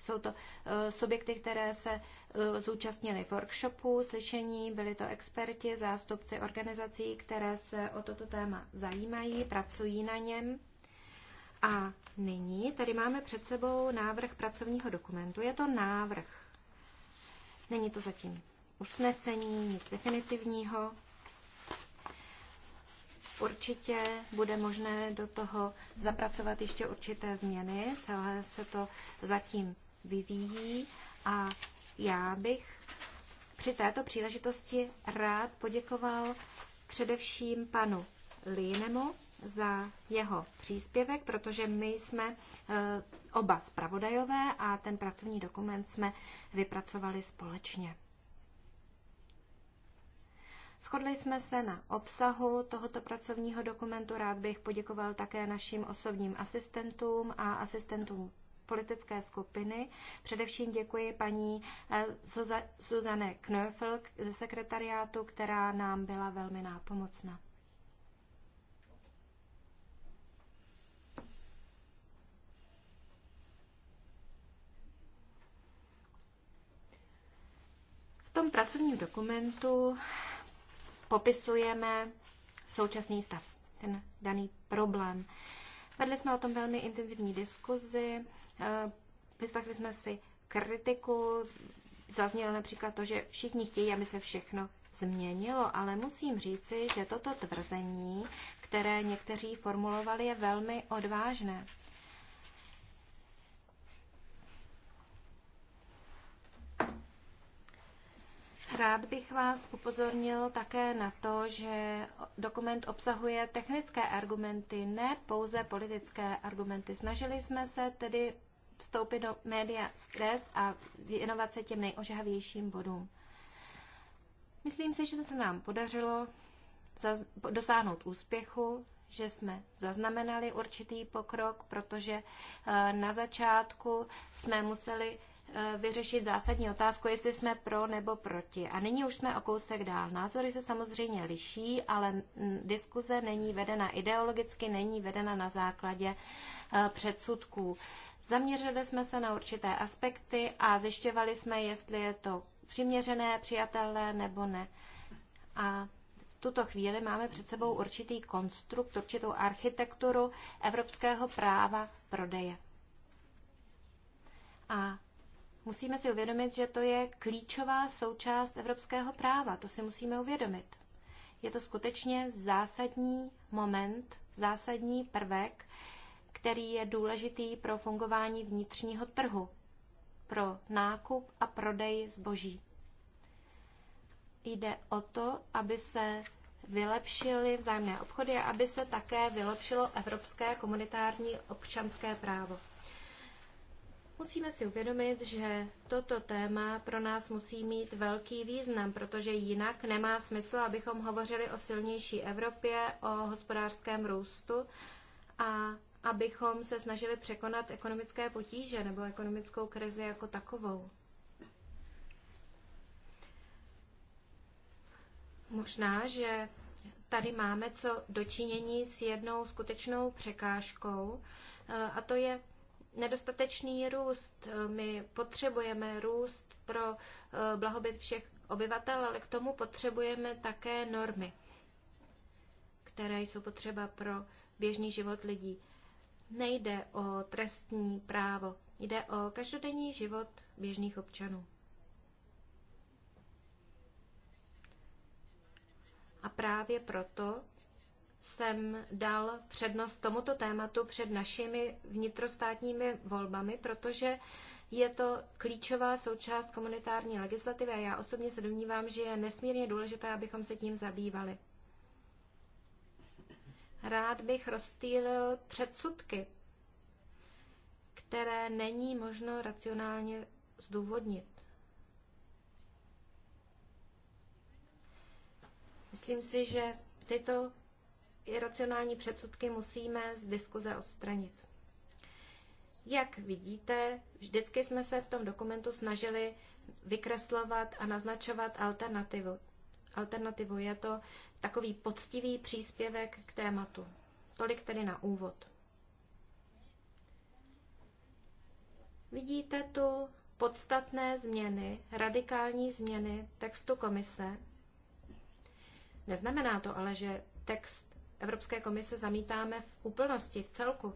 jsou to eh, subjekty, které se eh, zúčastnily workshopů, slyšení, byli to experti, zástupci organizací, které se o toto téma zajímají, pracují na něm. A nyní tady máme před sebou návrh pracovního dokumentu. Je to návrh. Není to zatím usnesení, nic definitivního. Určitě bude možné do toho zapracovat ještě určité změny, celé se to zatím vyvíjí a já bych při této příležitosti rád poděkoval především panu Línemu za jeho příspěvek, protože my jsme eh, oba zpravodajové a ten pracovní dokument jsme vypracovali společně. Shodli jsme se na obsahu tohoto pracovního dokumentu. Rád bych poděkoval také našim osobním asistentům a asistentům politické skupiny. Především děkuji paní eh, Suzane Knöfel ze sekretariátu, která nám byla velmi nápomocná. V tom pracovním dokumentu popisujeme současný stav, ten daný problém. Vedli jsme o tom velmi intenzivní diskuzi, eh, vyslechli jsme si kritiku, zaznělo například to, že všichni chtějí, aby se všechno změnilo, ale musím říci, že toto tvrzení, které někteří formulovali, je velmi odvážné. Rád bych vás upozornil také na to, že dokument obsahuje technické argumenty, ne pouze politické argumenty. Snažili jsme se tedy vstoupit do média stres a věnovat se těm nejožahavějším bodům. Myslím si, že to se nám podařilo dosáhnout úspěchu, že jsme zaznamenali určitý pokrok, protože eh, na začátku jsme museli Eh, vyřešit zásadní otázku, jestli jsme pro nebo proti. A nyní už jsme o kousek dál. Názory se samozřejmě liší, ale diskuze není vedena ideologicky, není vedena na základě eh, předsudků. Zaměřili jsme se na určité aspekty a zjišťovali jsme, jestli je to přiměřené, přijatelné nebo ne. A v tuto chvíli máme před sebou určitý konstrukt, určitou architekturu evropského práva prodeje. A Musíme si uvědomit, že to je klíčová součást evropského práva. To si musíme uvědomit. Je to skutečně zásadní moment, zásadní prvek, který je důležitý pro fungování vnitřního trhu, pro nákup a prodej zboží. Jde o to, aby se vylepšily vzájemné obchody a aby se také vylepšilo evropské komunitární občanské právo. Musíme si uvědomit, že toto téma pro nás musí mít velký význam, protože jinak nemá smysl, abychom hovořili o silnější Evropě, o hospodářském růstu a abychom se snažili překonat ekonomické potíže nebo ekonomickou krizi jako takovou. Možná, že tady máme co dočinění s jednou skutečnou překážkou, a to je nedostatečný růst. My potřebujeme růst pro eh, blahobyt všech obyvatel, ale k tomu potřebujeme také normy, které jsou potřeba pro běžný život lidí. Nejde o trestní právo, jde o každodenní život běžných občanů. A právě proto jsem dal přednost tomuto tématu před našimi vnitrostátními volbami, protože je to klíčová součást komunitární legislativy a já osobně se domnívám, že je nesmírně důležité, abychom se tím zabývali. Rád bych rozstýlil předsudky, které není možno racionálně zdůvodnit. Myslím si, že tyto iracionální předsudky musíme z diskuze odstranit. Jak vidíte, vždycky jsme se v tom dokumentu snažili vykreslovat a naznačovat alternativu. Alternativu je to takový poctivý příspěvek k tématu. Tolik tedy na úvod. Vidíte tu podstatné změny, radikální změny textu komise. Neznamená to ale, že text Evropské komise zamítáme v úplnosti, v celku.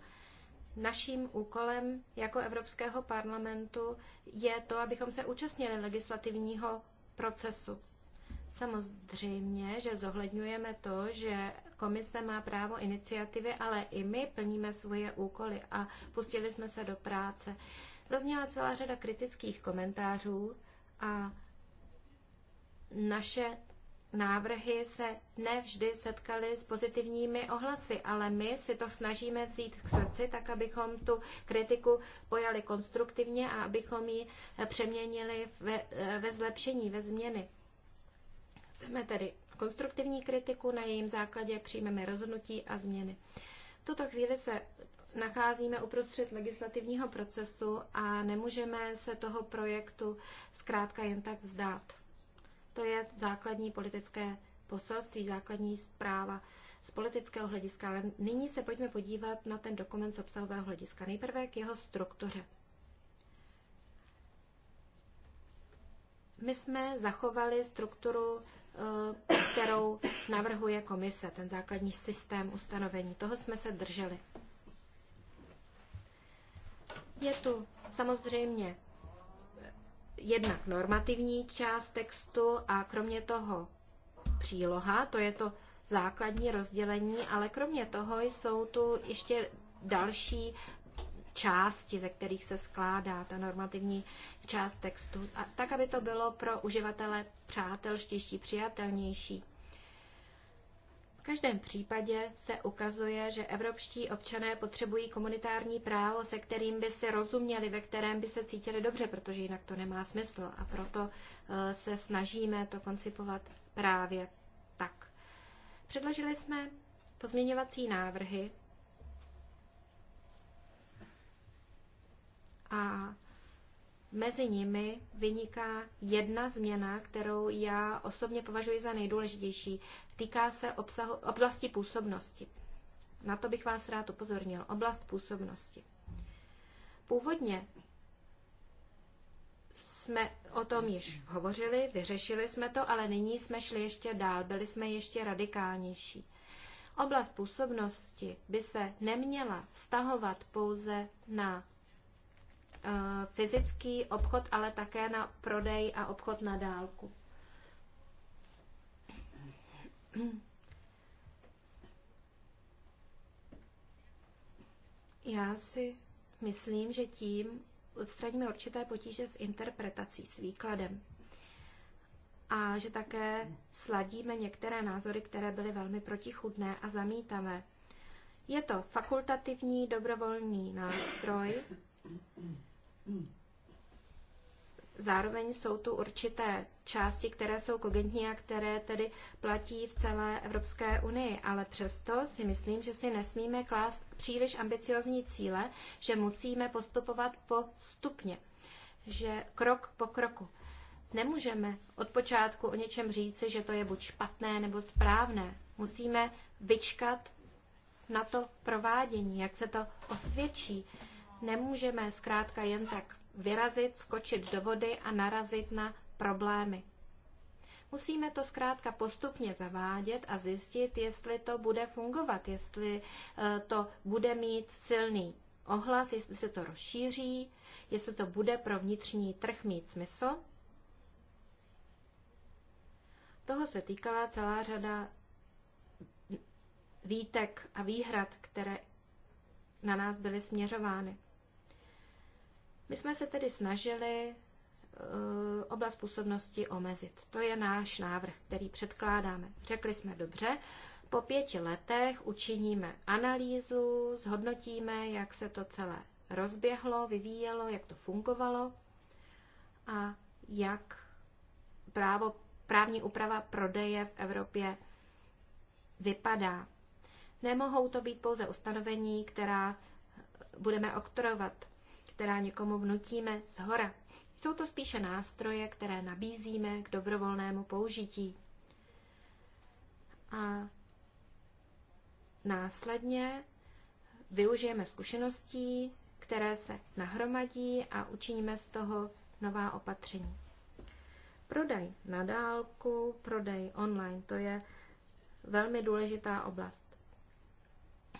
Naším úkolem jako Evropského parlamentu je to, abychom se účastnili legislativního procesu. Samozřejmě, že zohledňujeme to, že komise má právo iniciativy, ale i my plníme svoje úkoly a pustili jsme se do práce. Zazněla celá řada kritických komentářů a naše návrhy se nevždy setkaly s pozitivními ohlasy, ale my si to snažíme vzít k srdci, tak abychom tu kritiku pojali konstruktivně a abychom ji přeměnili ve, ve zlepšení, ve změny. Chceme tedy konstruktivní kritiku, na jejím základě přijmeme rozhodnutí a změny. V tuto chvíli se nacházíme uprostřed legislativního procesu a nemůžeme se toho projektu zkrátka jen tak vzdát. To je základní politické poselství, základní zpráva z politického hlediska. Ale nyní se pojďme podívat na ten dokument z obsahového hlediska. Nejprve k jeho struktuře. My jsme zachovali strukturu, eh, kterou navrhuje komise, ten základní systém ustanovení. Toho jsme se drželi. Je tu samozřejmě jednak normativní část textu a kromě toho příloha, to je to základní rozdělení, ale kromě toho jsou tu ještě další části, ze kterých se skládá ta normativní část textu, a tak, aby to bylo pro uživatele přátelštější, přijatelnější každém případě se ukazuje, že evropští občané potřebují komunitární právo, se kterým by si rozuměli, ve kterém by se cítili dobře, protože jinak to nemá smysl. A proto eh, se snažíme to koncipovat právě tak. Předložili jsme pozměňovací návrhy a Mezi nimi vyniká jedna změna, kterou já osobně považuji za nejdůležitější. Týká se obsahu, oblasti působnosti. Na to bych vás rád upozornil. Oblast působnosti. Původně jsme o tom již hovořili, vyřešili jsme to, ale nyní jsme šli ještě dál, byli jsme ještě radikálnější. Oblast působnosti by se neměla vztahovat pouze na Eh, fyzický obchod, ale také na prodej a obchod na dálku. Já si myslím, že tím odstraníme určité potíže s interpretací, s výkladem. A že také sladíme některé názory, které byly velmi protichudné a zamítavé. Je to fakultativní dobrovolný nástroj, Zároveň jsou tu určité části, které jsou kogentní a které tedy platí v celé Evropské unii, ale přesto si myslím, že si nesmíme klást příliš ambiciozní cíle, že musíme postupovat postupně, že krok po kroku. Nemůžeme od počátku o něčem říci, že to je buď špatné nebo správné. Musíme vyčkat na to provádění, jak se to osvědčí Nemůžeme zkrátka jen tak vyrazit, skočit do vody a narazit na problémy. Musíme to zkrátka postupně zavádět a zjistit, jestli to bude fungovat, jestli eh, to bude mít silný ohlas, jestli se to rozšíří, jestli to bude pro vnitřní trh mít smysl. Toho se týkala celá řada výtek a výhrad, které na nás byly směřovány. My jsme se tedy snažili eh, oblast působnosti omezit. To je náš návrh, který předkládáme. Řekli jsme dobře, po pěti letech učiníme analýzu, zhodnotíme, jak se to celé rozběhlo, vyvíjelo, jak to fungovalo a jak právo, právní úprava prodeje v Evropě vypadá. Nemohou to být pouze ustanovení, která budeme oktorovat která někomu vnutíme z hora. Jsou to spíše nástroje, které nabízíme k dobrovolnému použití. A následně využijeme zkušeností, které se nahromadí a učiníme z toho nová opatření. Prodej na dálku, prodej online, to je velmi důležitá oblast.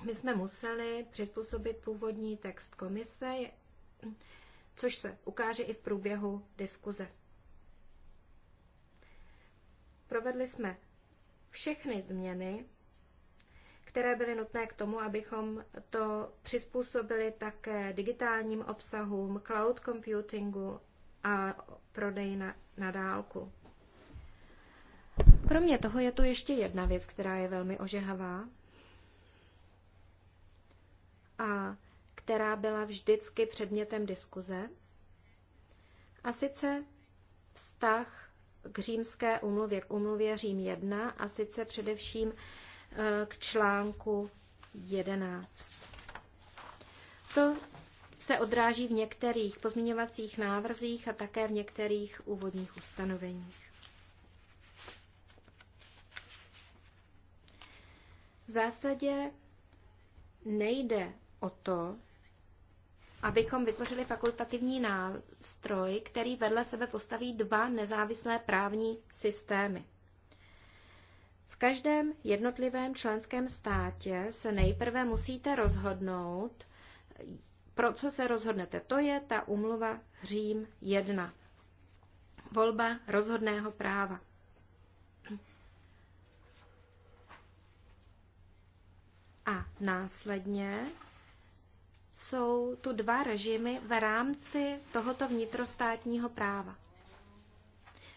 My jsme museli přizpůsobit původní text komise, což se ukáže i v průběhu diskuze. Provedli jsme všechny změny, které byly nutné k tomu, abychom to přizpůsobili také digitálním obsahům, cloud computingu a prodeji na, na dálku. Kromě toho je tu ještě jedna věc, která je velmi ožehavá. která byla vždycky předmětem diskuze, a sice vztah k římské umluvě, k umluvě Řím 1, a sice především eh, k článku 11. To se odráží v některých pozměňovacích návrzích a také v některých úvodních ustanoveních. V zásadě nejde o to, abychom vytvořili fakultativní nástroj, který vedle sebe postaví dva nezávislé právní systémy. V každém jednotlivém členském státě se nejprve musíte rozhodnout, pro co se rozhodnete. To je ta umluva Řím 1. Volba rozhodného práva. A následně jsou tu dva režimy v rámci tohoto vnitrostátního práva.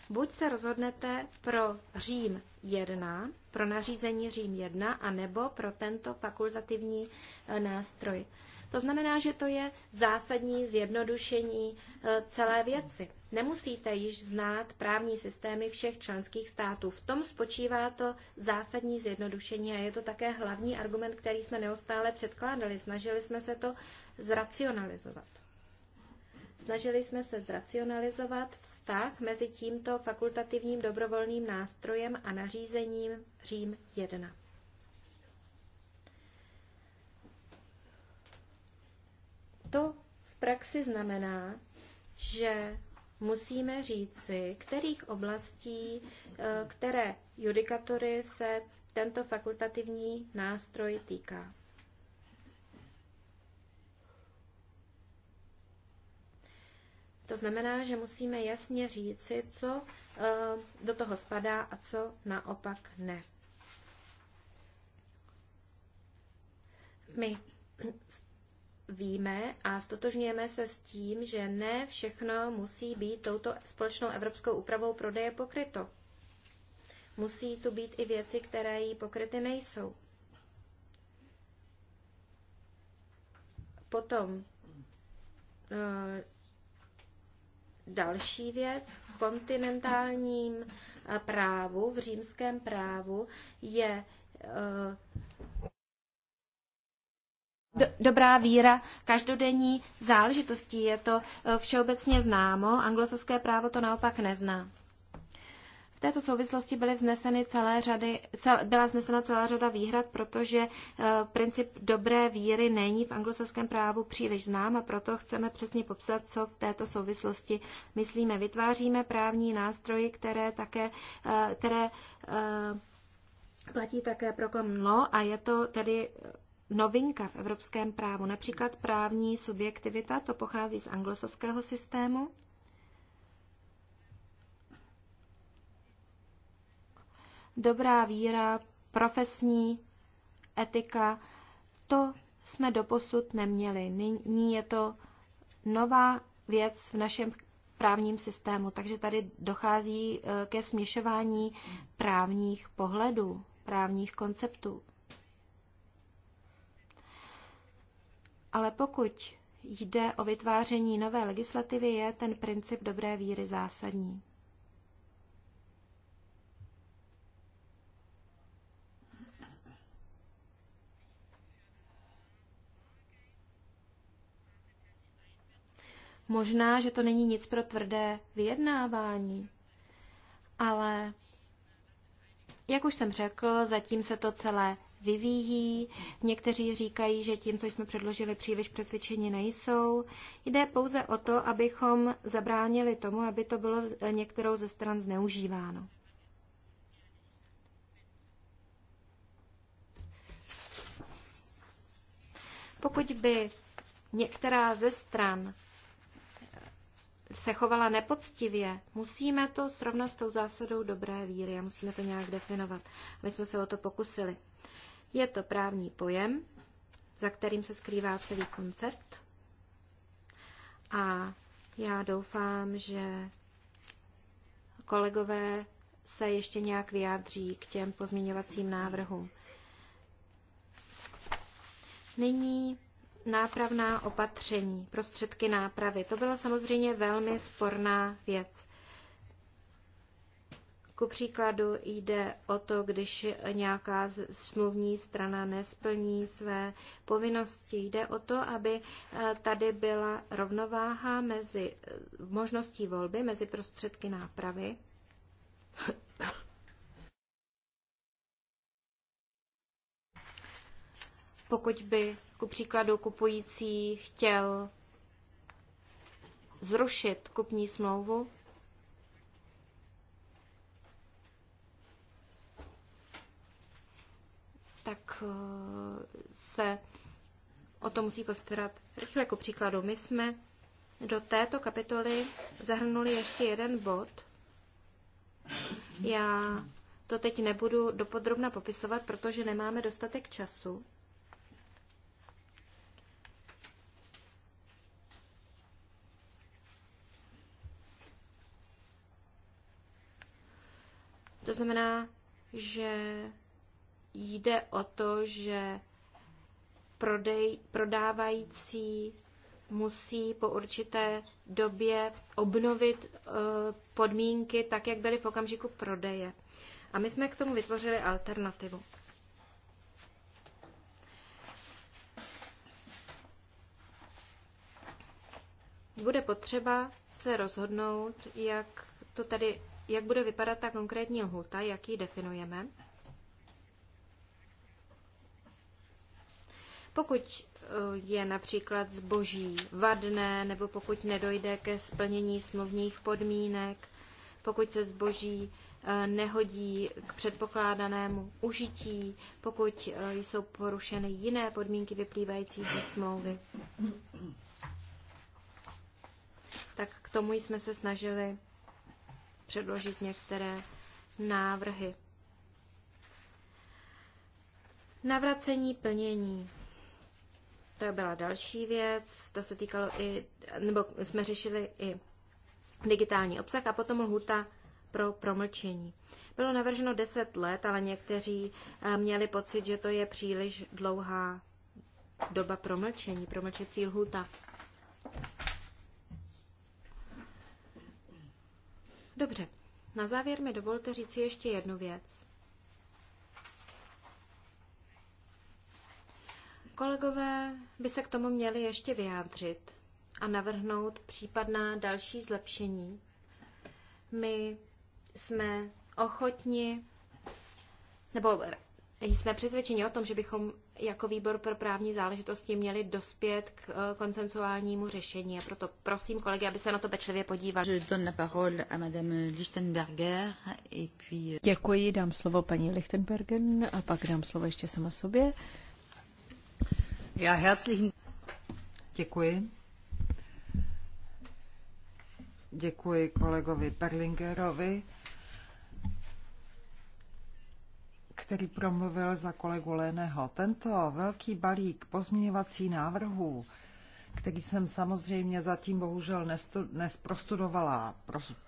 Buď se rozhodnete pro Řím 1, pro nařízení Řím 1, anebo pro tento fakultativní e, nástroj. To znamená, že to je zásadní zjednodušení eh, celé věci. Nemusíte již znát právní systémy všech členských států. V tom spočívá to zásadní zjednodušení a je to také hlavní argument, který jsme neustále předkládali. Snažili jsme se to zracionalizovat. Snažili jsme se zracionalizovat vztah mezi tímto fakultativním dobrovolným nástrojem a nařízením Řím 1. to v praxi znamená, že musíme říci, kterých oblastí, eh, které judikatory se tento fakultativní nástroj týká. To znamená, že musíme jasně říci, co eh, do toho spadá a co naopak ne. My víme a stotožňujeme se s tím, že ne všechno musí být touto společnou evropskou úpravou prodeje pokryto. Musí tu být i věci, které jí pokryty nejsou. Potom eh, další věc v kontinentálním eh, právu, v římském právu je eh, dobrá víra každodenní záležitostí. Je to eh, všeobecně známo, anglosaské právo to naopak nezná. V této souvislosti byly vzneseny celé řady, cel, byla vznesena celá řada výhrad, protože eh, princip dobré víry není v anglosaském právu příliš znám a proto chceme přesně popsat, co v této souvislosti myslíme. Vytváříme právní nástroje, které také, eh, které platí také pro common law a je to tedy novinka v evropském právu, například právní subjektivita, to pochází z anglosaského systému. Dobrá víra, profesní etika, to jsme doposud neměli. Nyní je to nová věc v našem právním systému, takže tady dochází eh, ke směšování právních pohledů, právních konceptů. ale pokud jde o vytváření nové legislativy, je ten princip dobré víry zásadní. Možná, že to není nic pro tvrdé vyjednávání, ale jak už jsem řekl, zatím se to celé vyvíjí. Někteří říkají, že tím, co jsme předložili, příliš přesvědčení nejsou. Jde pouze o to, abychom zabránili tomu, aby to bylo některou ze stran zneužíváno. Pokud by některá ze stran se chovala nepoctivě, musíme to srovnat s tou zásadou dobré víry a musíme to nějak definovat, My jsme se o to pokusili. Je to právní pojem, za kterým se skrývá celý koncept. A já doufám, že kolegové se ještě nějak vyjádří k těm pozměňovacím návrhům. Nyní nápravná opatření, prostředky nápravy. To byla samozřejmě velmi sporná věc. Ku příkladu jde o to, když nějaká smluvní strana nesplní své povinnosti. Jde o to, aby eh, tady byla rovnováha mezi eh, možností volby, mezi prostředky nápravy. Pokud by ku příkladu kupující chtěl zrušit kupní smlouvu, tak eh, se o to musí postarat rychle. Jako příkladu, my jsme do této kapitoly zahrnuli ještě jeden bod. Já to teď nebudu dopodrobna popisovat, protože nemáme dostatek času. To znamená, že jde o to, že prodej, prodávající musí po určité době obnovit eh, podmínky tak, jak byly v okamžiku prodeje. A my jsme k tomu vytvořili alternativu. Bude potřeba se rozhodnout, jak to tady, jak bude vypadat ta konkrétní lhuta, jak ji definujeme. Pokud eh, je například zboží vadné, nebo pokud nedojde ke splnění smluvních podmínek, pokud se zboží eh, nehodí k předpokládanému užití, pokud eh, jsou porušeny jiné podmínky vyplývající ze smlouvy. Tak k tomu jsme se snažili předložit některé návrhy. Navracení plnění. To byla další věc, to se týkalo i, nebo jsme řešili i digitální obsah a potom lhuta pro promlčení. Bylo navrženo 10 let, ale někteří eh, měli pocit, že to je příliš dlouhá doba promlčení, promlčecí lhuta. Dobře, na závěr mi dovolte říci ještě jednu věc. Kolegové by se k tomu měli ještě vyjádřit a navrhnout případná další zlepšení. My jsme ochotni, nebo jsme přesvědčeni o tom, že bychom jako výbor pro právní záležitosti měli dospět k eh, konsensuálnímu řešení. A proto prosím kolegy, aby se na to pečlivě podívali. Euh, Děkuji, dám slovo paní Lichtenbergen a pak dám slovo ještě sama sobě. Já herzlichen... Děkuji. Děkuji kolegovi Perlingerovi, který promluvil za kolegu Léného. Tento velký balík pozměňovací návrhů, který jsem samozřejmě zatím bohužel nesprostudovala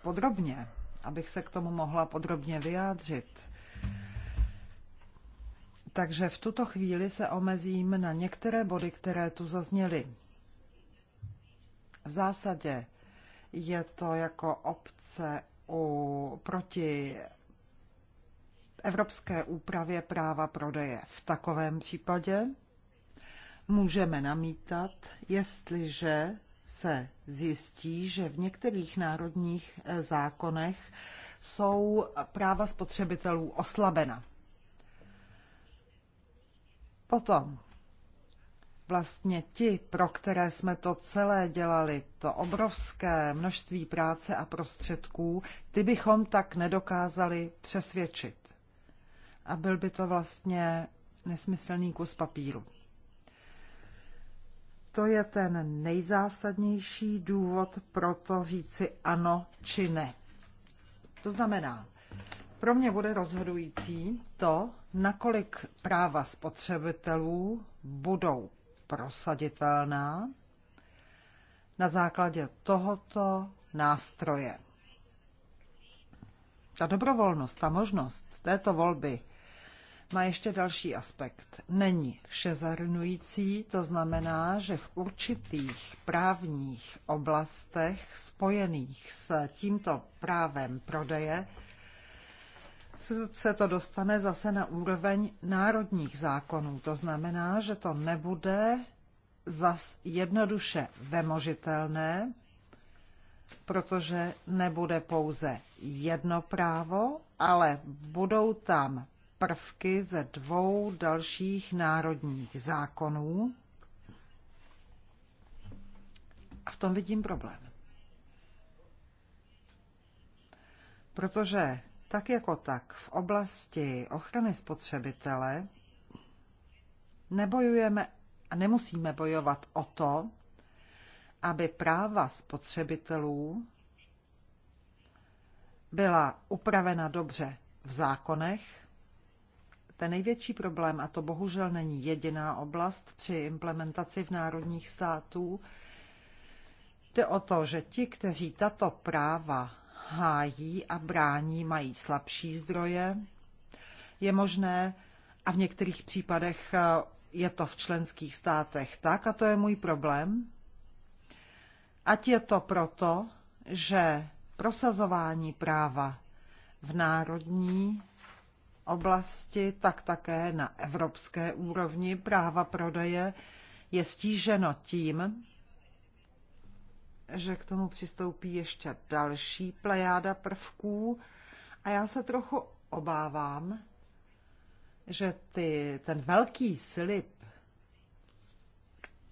podrobně, abych se k tomu mohla podrobně vyjádřit, takže v tuto chvíli se omezím na některé body, které tu zazněly. V zásadě je to jako obce u, proti evropské úpravě práva prodeje. V takovém případě můžeme namítat, jestliže se zjistí, že v některých národních eh, zákonech jsou práva spotřebitelů oslabena. Potom vlastně ti, pro které jsme to celé dělali, to obrovské množství práce a prostředků, ty bychom tak nedokázali přesvědčit. A byl by to vlastně nesmyslný kus papíru. To je ten nejzásadnější důvod pro to říci ano či ne. To znamená, pro mě bude rozhodující to, nakolik práva spotřebitelů budou prosaditelná na základě tohoto nástroje. Ta dobrovolnost, ta možnost této volby má ještě další aspekt. Není všezarnující, to znamená, že v určitých právních oblastech spojených s tímto právem prodeje se to dostane zase na úroveň národních zákonů. To znamená, že to nebude zas jednoduše vemožitelné, protože nebude pouze jedno právo, ale budou tam prvky ze dvou dalších národních zákonů. A v tom vidím problém. Protože tak jako tak v oblasti ochrany spotřebitele nebojujeme a nemusíme bojovat o to, aby práva spotřebitelů byla upravena dobře v zákonech. Ten největší problém, a to bohužel není jediná oblast při implementaci v národních států, jde o to, že ti, kteří tato práva hájí a brání, mají slabší zdroje. Je možné, a v některých případech eh, je to v členských státech tak, a to je můj problém, ať je to proto, že prosazování práva v národní oblasti, tak také na evropské úrovni práva prodeje je stíženo tím, že k tomu přistoupí ještě další plejáda prvků a já se trochu obávám, že ty, ten velký slib,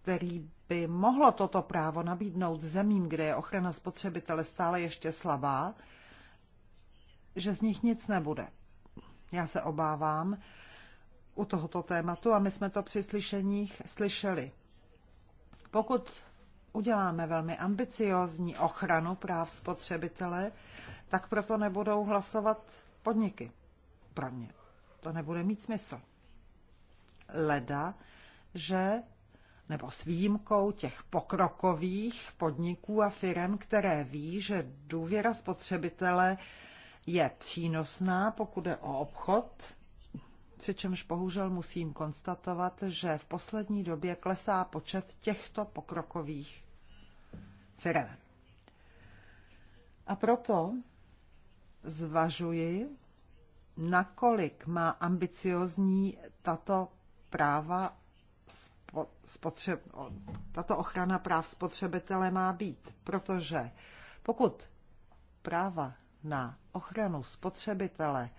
který by mohlo toto právo nabídnout zemím, kde je ochrana spotřebitele stále ještě slabá, že z nich nic nebude. Já se obávám u tohoto tématu a my jsme to při slyšeních slyšeli. Pokud uděláme velmi ambiciózní ochranu práv spotřebitele, tak proto nebudou hlasovat podniky. Pro To nebude mít smysl. Leda, že nebo s výjimkou těch pokrokových podniků a firm, které ví, že důvěra spotřebitele je přínosná, pokud je o obchod, přičemž bohužel musím konstatovat, že v poslední době klesá počet těchto pokrokových firm. A proto zvažuji, nakolik má ambiciozní tato práva spotřeb, tato ochrana práv spotřebitele má být, protože pokud práva na ochranu spotřebitele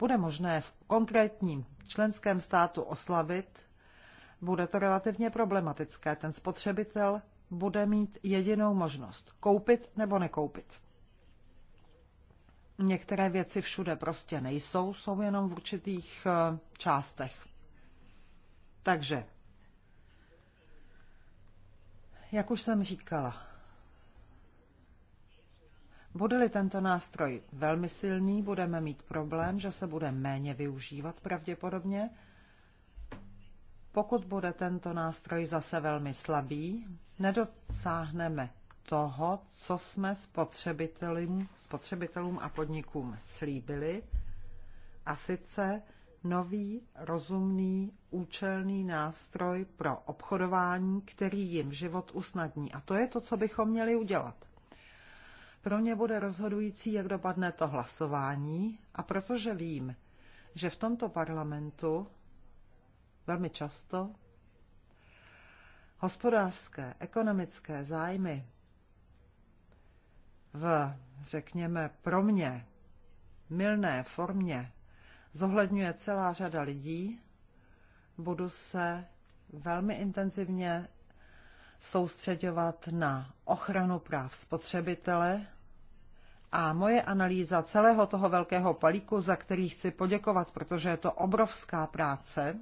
bude možné v konkrétním členském státu oslavit, bude to relativně problematické. Ten spotřebitel bude mít jedinou možnost koupit nebo nekoupit. Některé věci všude prostě nejsou, jsou jenom v určitých eh, částech. Takže, jak už jsem říkala, bude-li tento nástroj velmi silný, budeme mít problém, že se bude méně využívat pravděpodobně. Pokud bude tento nástroj zase velmi slabý, nedosáhneme toho, co jsme spotřebitelům, spotřebitelům a podnikům slíbili, a sice nový, rozumný, účelný nástroj pro obchodování, který jim život usnadní. A to je to, co bychom měli udělat. Pro mě bude rozhodující, jak dopadne to hlasování a protože vím, že v tomto parlamentu velmi často hospodářské, ekonomické zájmy v, řekněme, pro mě milné formě zohledňuje celá řada lidí, budu se velmi intenzivně soustředovat na ochranu práv spotřebitele a moje analýza celého toho velkého palíku, za který chci poděkovat, protože je to obrovská práce,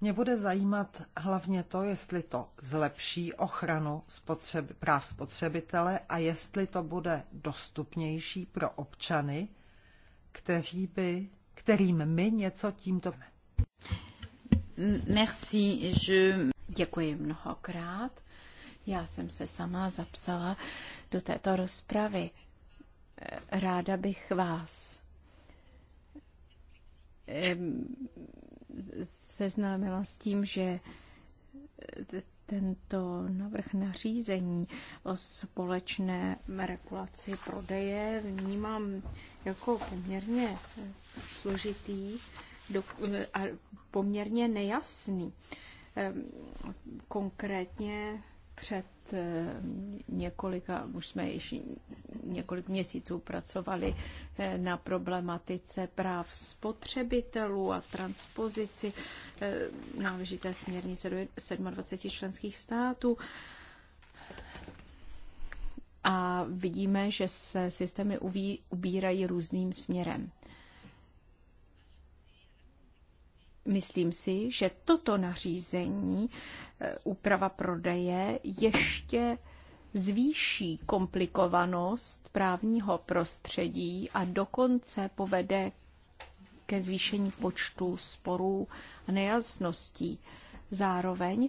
mě bude zajímat hlavně to, jestli to zlepší ochranu spotřeby, práv spotřebitele a jestli to bude dostupnější pro občany, kteří by, kterým my něco tímto. Merci, je... Děkuji mnohokrát. Já jsem se sama zapsala do této rozpravy. Eh, ráda bych vás seznámila s tím, že eh, tento návrh nařízení o společné regulaci prodeje vnímám jako poměrně eh, složitý a poměrně nejasný. Konkrétně před eh, několika, už jsme již několik měsíců pracovali eh, na problematice práv spotřebitelů a transpozici eh, náležité směrnice do 27 členských států. A vidíme, že se systémy uví, ubírají různým směrem. Myslím si, že toto nařízení Eh, úprava prodeje ještě zvýší komplikovanost právního prostředí a dokonce povede ke zvýšení počtu sporů a nejasností. Zároveň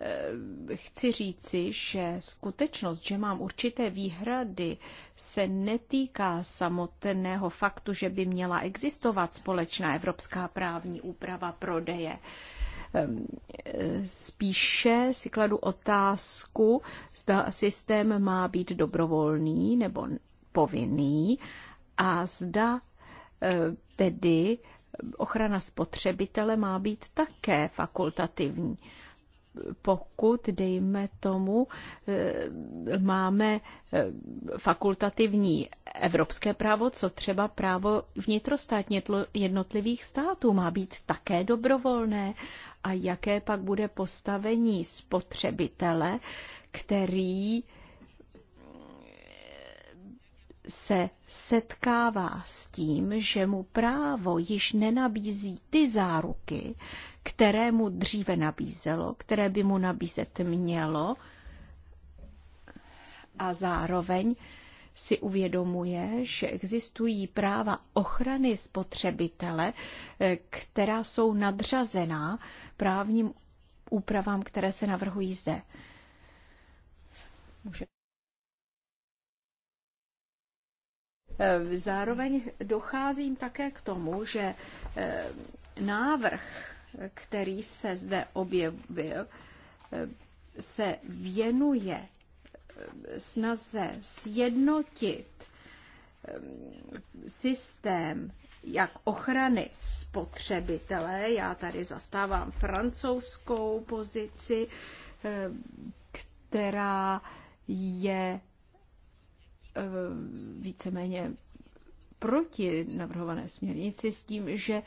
eh, chci říci, že skutečnost, že mám určité výhrady, se netýká samotného faktu, že by měla existovat společná evropská právní úprava prodeje. Ehm, spíše si kladu otázku, zda systém má být dobrovolný nebo povinný a zda eh, tedy ochrana spotřebitele má být také fakultativní. Pokud, dejme tomu, eh, máme eh, fakultativní evropské právo, co třeba právo vnitrostátně jednotlivých států má být také dobrovolné a jaké pak bude postavení spotřebitele, který se setkává s tím, že mu právo již nenabízí ty záruky, které mu dříve nabízelo, které by mu nabízet mělo, a zároveň si uvědomuje, že existují práva ochrany spotřebitele, eh, která jsou nadřazená právním úpravám, které se navrhují zde. Může... E, zároveň docházím také k tomu, že e, návrh, který se zde objevil, e, se věnuje snaze sjednotit Eh, systém jak ochrany spotřebitele, já tady zastávám francouzskou pozici, eh, která je eh, víceméně proti navrhované směrnici s tím, že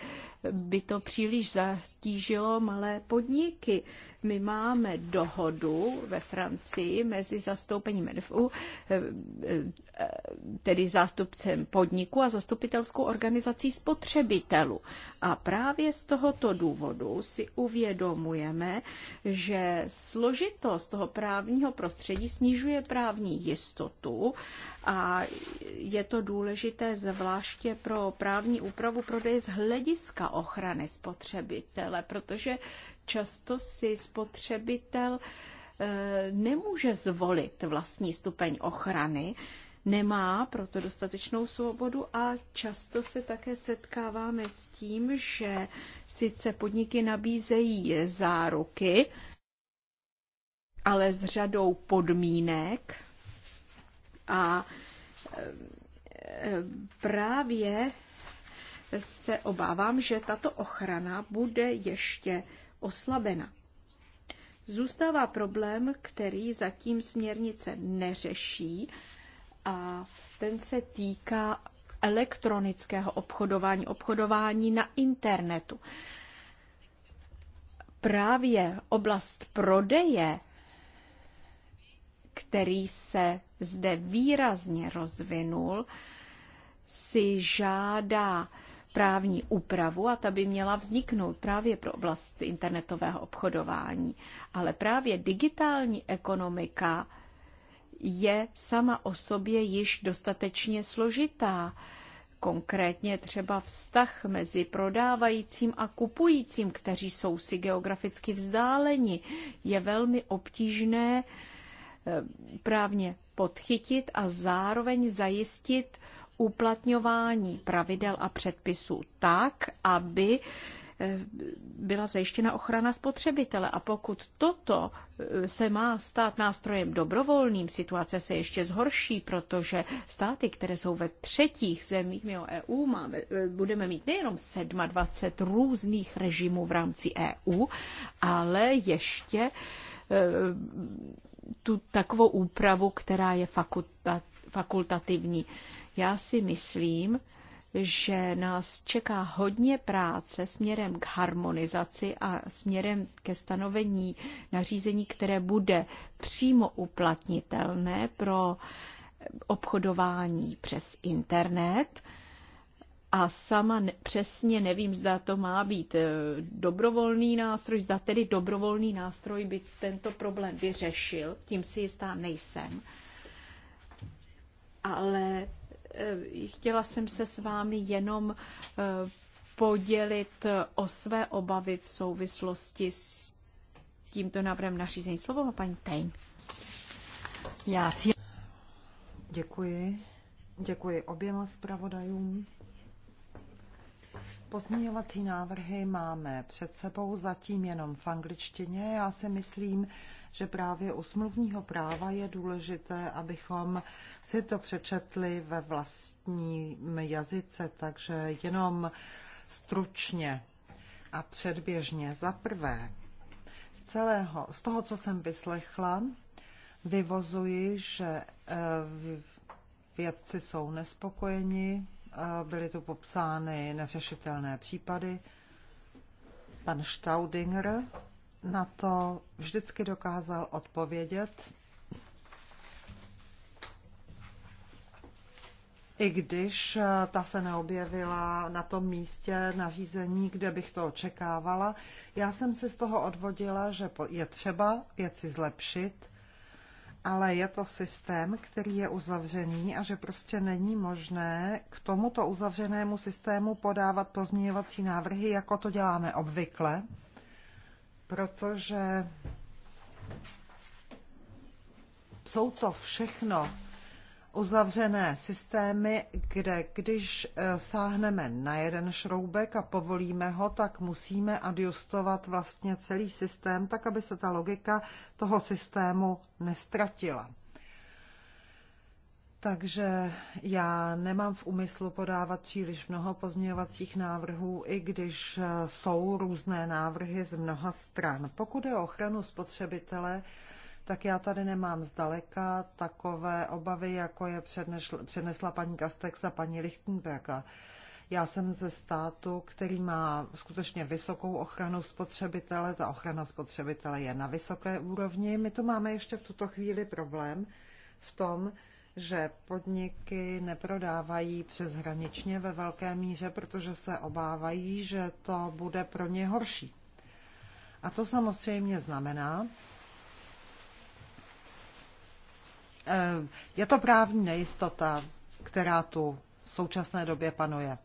by to příliš zatížilo malé podniky. My máme dohodu ve Francii mezi zastoupením NFU, eh, tedy zástupcem podniku a zastupitelskou organizací spotřebitelů. A právě z tohoto důvodu si uvědomujeme, že složitost toho právního prostředí snižuje právní jistotu a je to důležité zvláště pro právní úpravu prodeje z hlediska ochrany spotřebitele, protože často si spotřebitel eh, nemůže zvolit vlastní stupeň ochrany, nemá proto dostatečnou svobodu a často se také setkáváme s tím, že sice podniky nabízejí záruky, ale s řadou podmínek a eh, eh, právě se obávám, že tato ochrana bude ještě oslabena. Zůstává problém, který zatím směrnice neřeší a ten se týká elektronického obchodování, obchodování na internetu. Právě oblast prodeje, který se zde výrazně rozvinul, si žádá právní úpravu a ta by měla vzniknout právě pro oblast internetového obchodování. Ale právě digitální ekonomika je sama o sobě již dostatečně složitá. Konkrétně třeba vztah mezi prodávajícím a kupujícím, kteří jsou si geograficky vzdáleni, je velmi obtížné eh, právně podchytit a zároveň zajistit uplatňování pravidel a předpisů tak, aby eh, byla zajištěna ochrana spotřebitele. A pokud toto eh, se má stát nástrojem dobrovolným, situace se ještě zhorší, protože státy, které jsou ve třetích zemích mimo EU, máme, eh, budeme mít nejenom 27 různých režimů v rámci EU, ale ještě tu takovou úpravu, která je fakultativní. Já si myslím, že nás čeká hodně práce směrem k harmonizaci a směrem ke stanovení nařízení, které bude přímo uplatnitelné pro obchodování přes internet. A sama ne, přesně nevím, zda to má být eh, dobrovolný nástroj, zda tedy dobrovolný nástroj by tento problém vyřešil, tím si jistá nejsem. Ale Eh, chtěla jsem se s vámi jenom eh, podělit eh, o své obavy v souvislosti s tímto návrhem nařízení. Slovo má paní Tejn. Já děkuji. Děkuji oběma zpravodajům. Pozměňovací návrhy máme před sebou, zatím jenom v angličtině. Já si myslím, že právě u smluvního práva je důležité, abychom si to přečetli ve vlastním jazyce, takže jenom stručně a předběžně. Za prvé, z, celého, z toho, co jsem vyslechla, vyvozuji, že eh, vědci jsou nespokojeni byly tu popsány neřešitelné případy. Pan Staudinger na to vždycky dokázal odpovědět, i když ta se neobjevila na tom místě nařízení, kde bych to očekávala. Já jsem si z toho odvodila, že je třeba věci zlepšit, ale je to systém, který je uzavřený a že prostě není možné k tomuto uzavřenému systému podávat pozměňovací návrhy, jako to děláme obvykle, protože jsou to všechno uzavřené systémy, kde když eh, sáhneme na jeden šroubek a povolíme ho, tak musíme adjustovat vlastně celý systém, tak aby se ta logika toho systému nestratila. Takže já nemám v úmyslu podávat příliš mnoho pozměňovacích návrhů, i když eh, jsou různé návrhy z mnoha stran. Pokud je o ochranu spotřebitele, tak já tady nemám zdaleka takové obavy, jako je přednesla, přednesla paní Kastex a paní Lichtenberga. Já jsem ze státu, který má skutečně vysokou ochranu spotřebitele. Ta ochrana spotřebitele je na vysoké úrovni. My tu máme ještě v tuto chvíli problém v tom, že podniky neprodávají přeshraničně ve velké míře, protože se obávají, že to bude pro ně horší. A to samozřejmě znamená, Eh, je to právní nejistota, která tu v současné době panuje.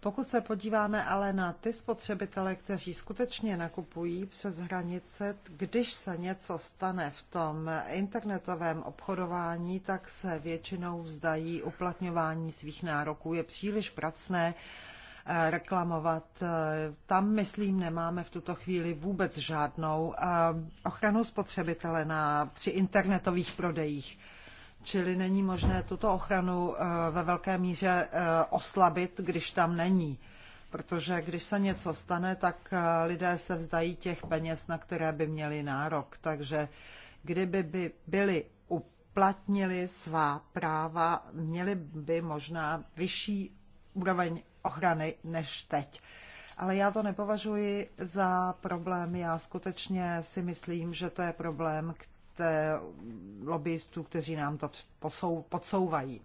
Pokud se podíváme ale na ty spotřebitele, kteří skutečně nakupují přes hranice, když se něco stane v tom internetovém obchodování, tak se většinou vzdají uplatňování svých nároků. Je příliš pracné Eh, reklamovat. Eh, tam, myslím, nemáme v tuto chvíli vůbec žádnou eh, ochranu spotřebitele na, při internetových prodejích. Čili není možné tuto ochranu ve velké míře oslabit, když tam není. Protože když se něco stane, tak lidé se vzdají těch peněz, na které by měli nárok. Takže kdyby by byli uplatnili svá práva, měli by možná vyšší úroveň ochrany než teď. Ale já to nepovažuji za problém. Já skutečně si myslím, že to je problém té lobbyistů, kteří nám to podsouvají.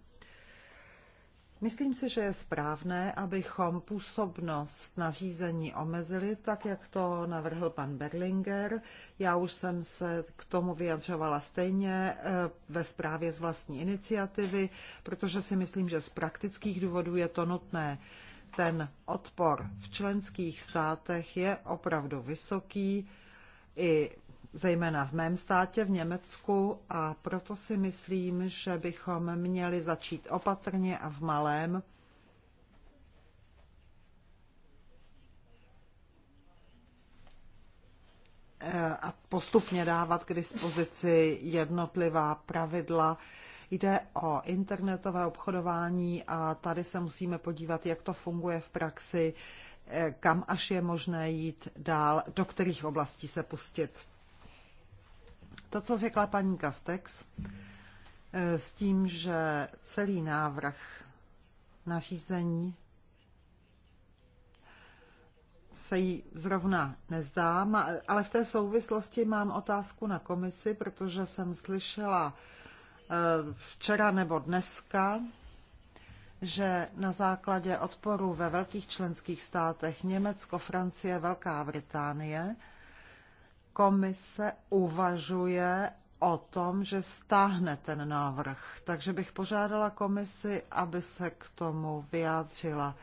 Myslím si, že je správné, abychom působnost nařízení omezili, tak jak to navrhl pan Berlinger. Já už jsem se k tomu vyjadřovala stejně eh, ve zprávě z vlastní iniciativy, protože si myslím, že z praktických důvodů je to nutné ten odpor v členských státech je opravdu vysoký, i zejména v mém státě, v Německu, a proto si myslím, že bychom měli začít opatrně a v malém. E, a postupně dávat k dispozici jednotlivá pravidla, Jde o internetové obchodování a tady se musíme podívat, jak to funguje v praxi, eh, kam až je možné jít dál, do kterých oblastí se pustit. To, co řekla paní Kastex, eh, s tím, že celý návrh nařízení se jí zrovna nezdá, ale v té souvislosti mám otázku na komisi, protože jsem slyšela včera nebo dneska, že na základě odporu ve velkých členských státech Německo, Francie, Velká Británie, komise uvažuje o tom, že stáhne ten návrh. Takže bych požádala komisi, aby se k tomu vyjádřila.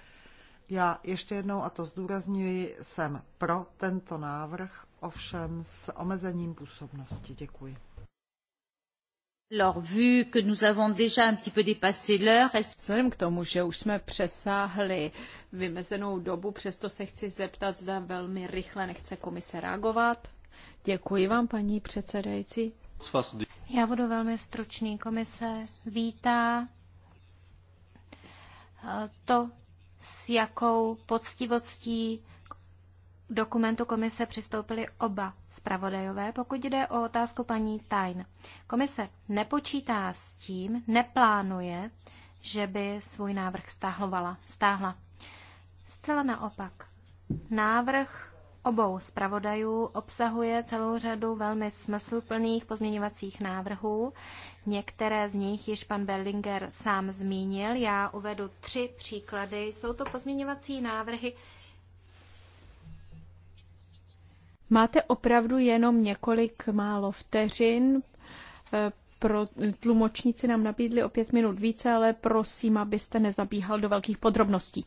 Já ještě jednou, a to zdůrazňuji, jsem pro tento návrh, ovšem s omezením působnosti. Děkuji. Alors, vu que nous avons déjà un petit peu dépassé l'heure, Vzhledem k tomu, že už jsme přesáhli vymezenou dobu, přesto se chci zeptat, zda velmi rychle nechce komise reagovat. Děkuji vám, paní předsedající. Já budu velmi stručný. Komise vítá eh, to, s jakou poctivostí dokumentu komise přistoupili oba zpravodajové, pokud jde o otázku paní Tajn. Komise nepočítá s tím, neplánuje, že by svůj návrh stáhlovala, stáhla. Zcela naopak. Návrh obou zpravodajů obsahuje celou řadu velmi smysluplných pozměňovacích návrhů. Některé z nich již pan Berlinger sám zmínil. Já uvedu tři příklady. Jsou to pozměňovací návrhy, Máte opravdu jenom několik málo vteřin. Eh, pro tlumočníci nám nabídli o pět minut více, ale prosím, abyste nezabíhal do velkých podrobností.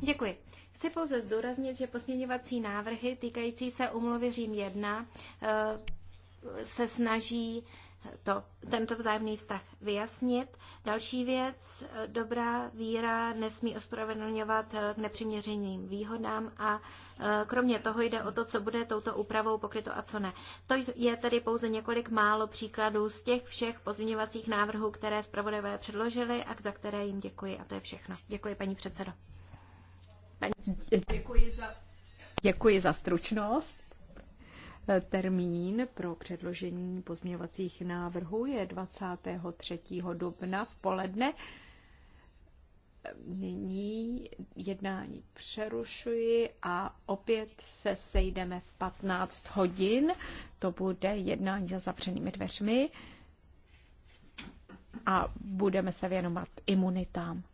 Děkuji. Chci pouze zdůraznit, že posměňovací návrhy týkající se umluvy Řím 1 eh, se snaží to, tento vzájemný vztah vyjasnit. Další věc, dobrá víra nesmí ospravedlňovat eh, k nepřiměřeným výhodám a eh, kromě toho jde o to, co bude touto úpravou pokryto a co ne. To je tedy pouze několik málo příkladů z těch všech pozměňovacích návrhů, které zpravodajové předložili a za které jim děkuji. A to je všechno. Děkuji, paní předsedo. Paní... Děkuji za... Děkuji za stručnost. Termín pro předložení pozměňovacích návrhů je 23. dubna v poledne. Nyní jednání přerušuji a opět se sejdeme v 15 hodin. To bude jednání za zavřenými dveřmi a budeme se věnovat imunitám.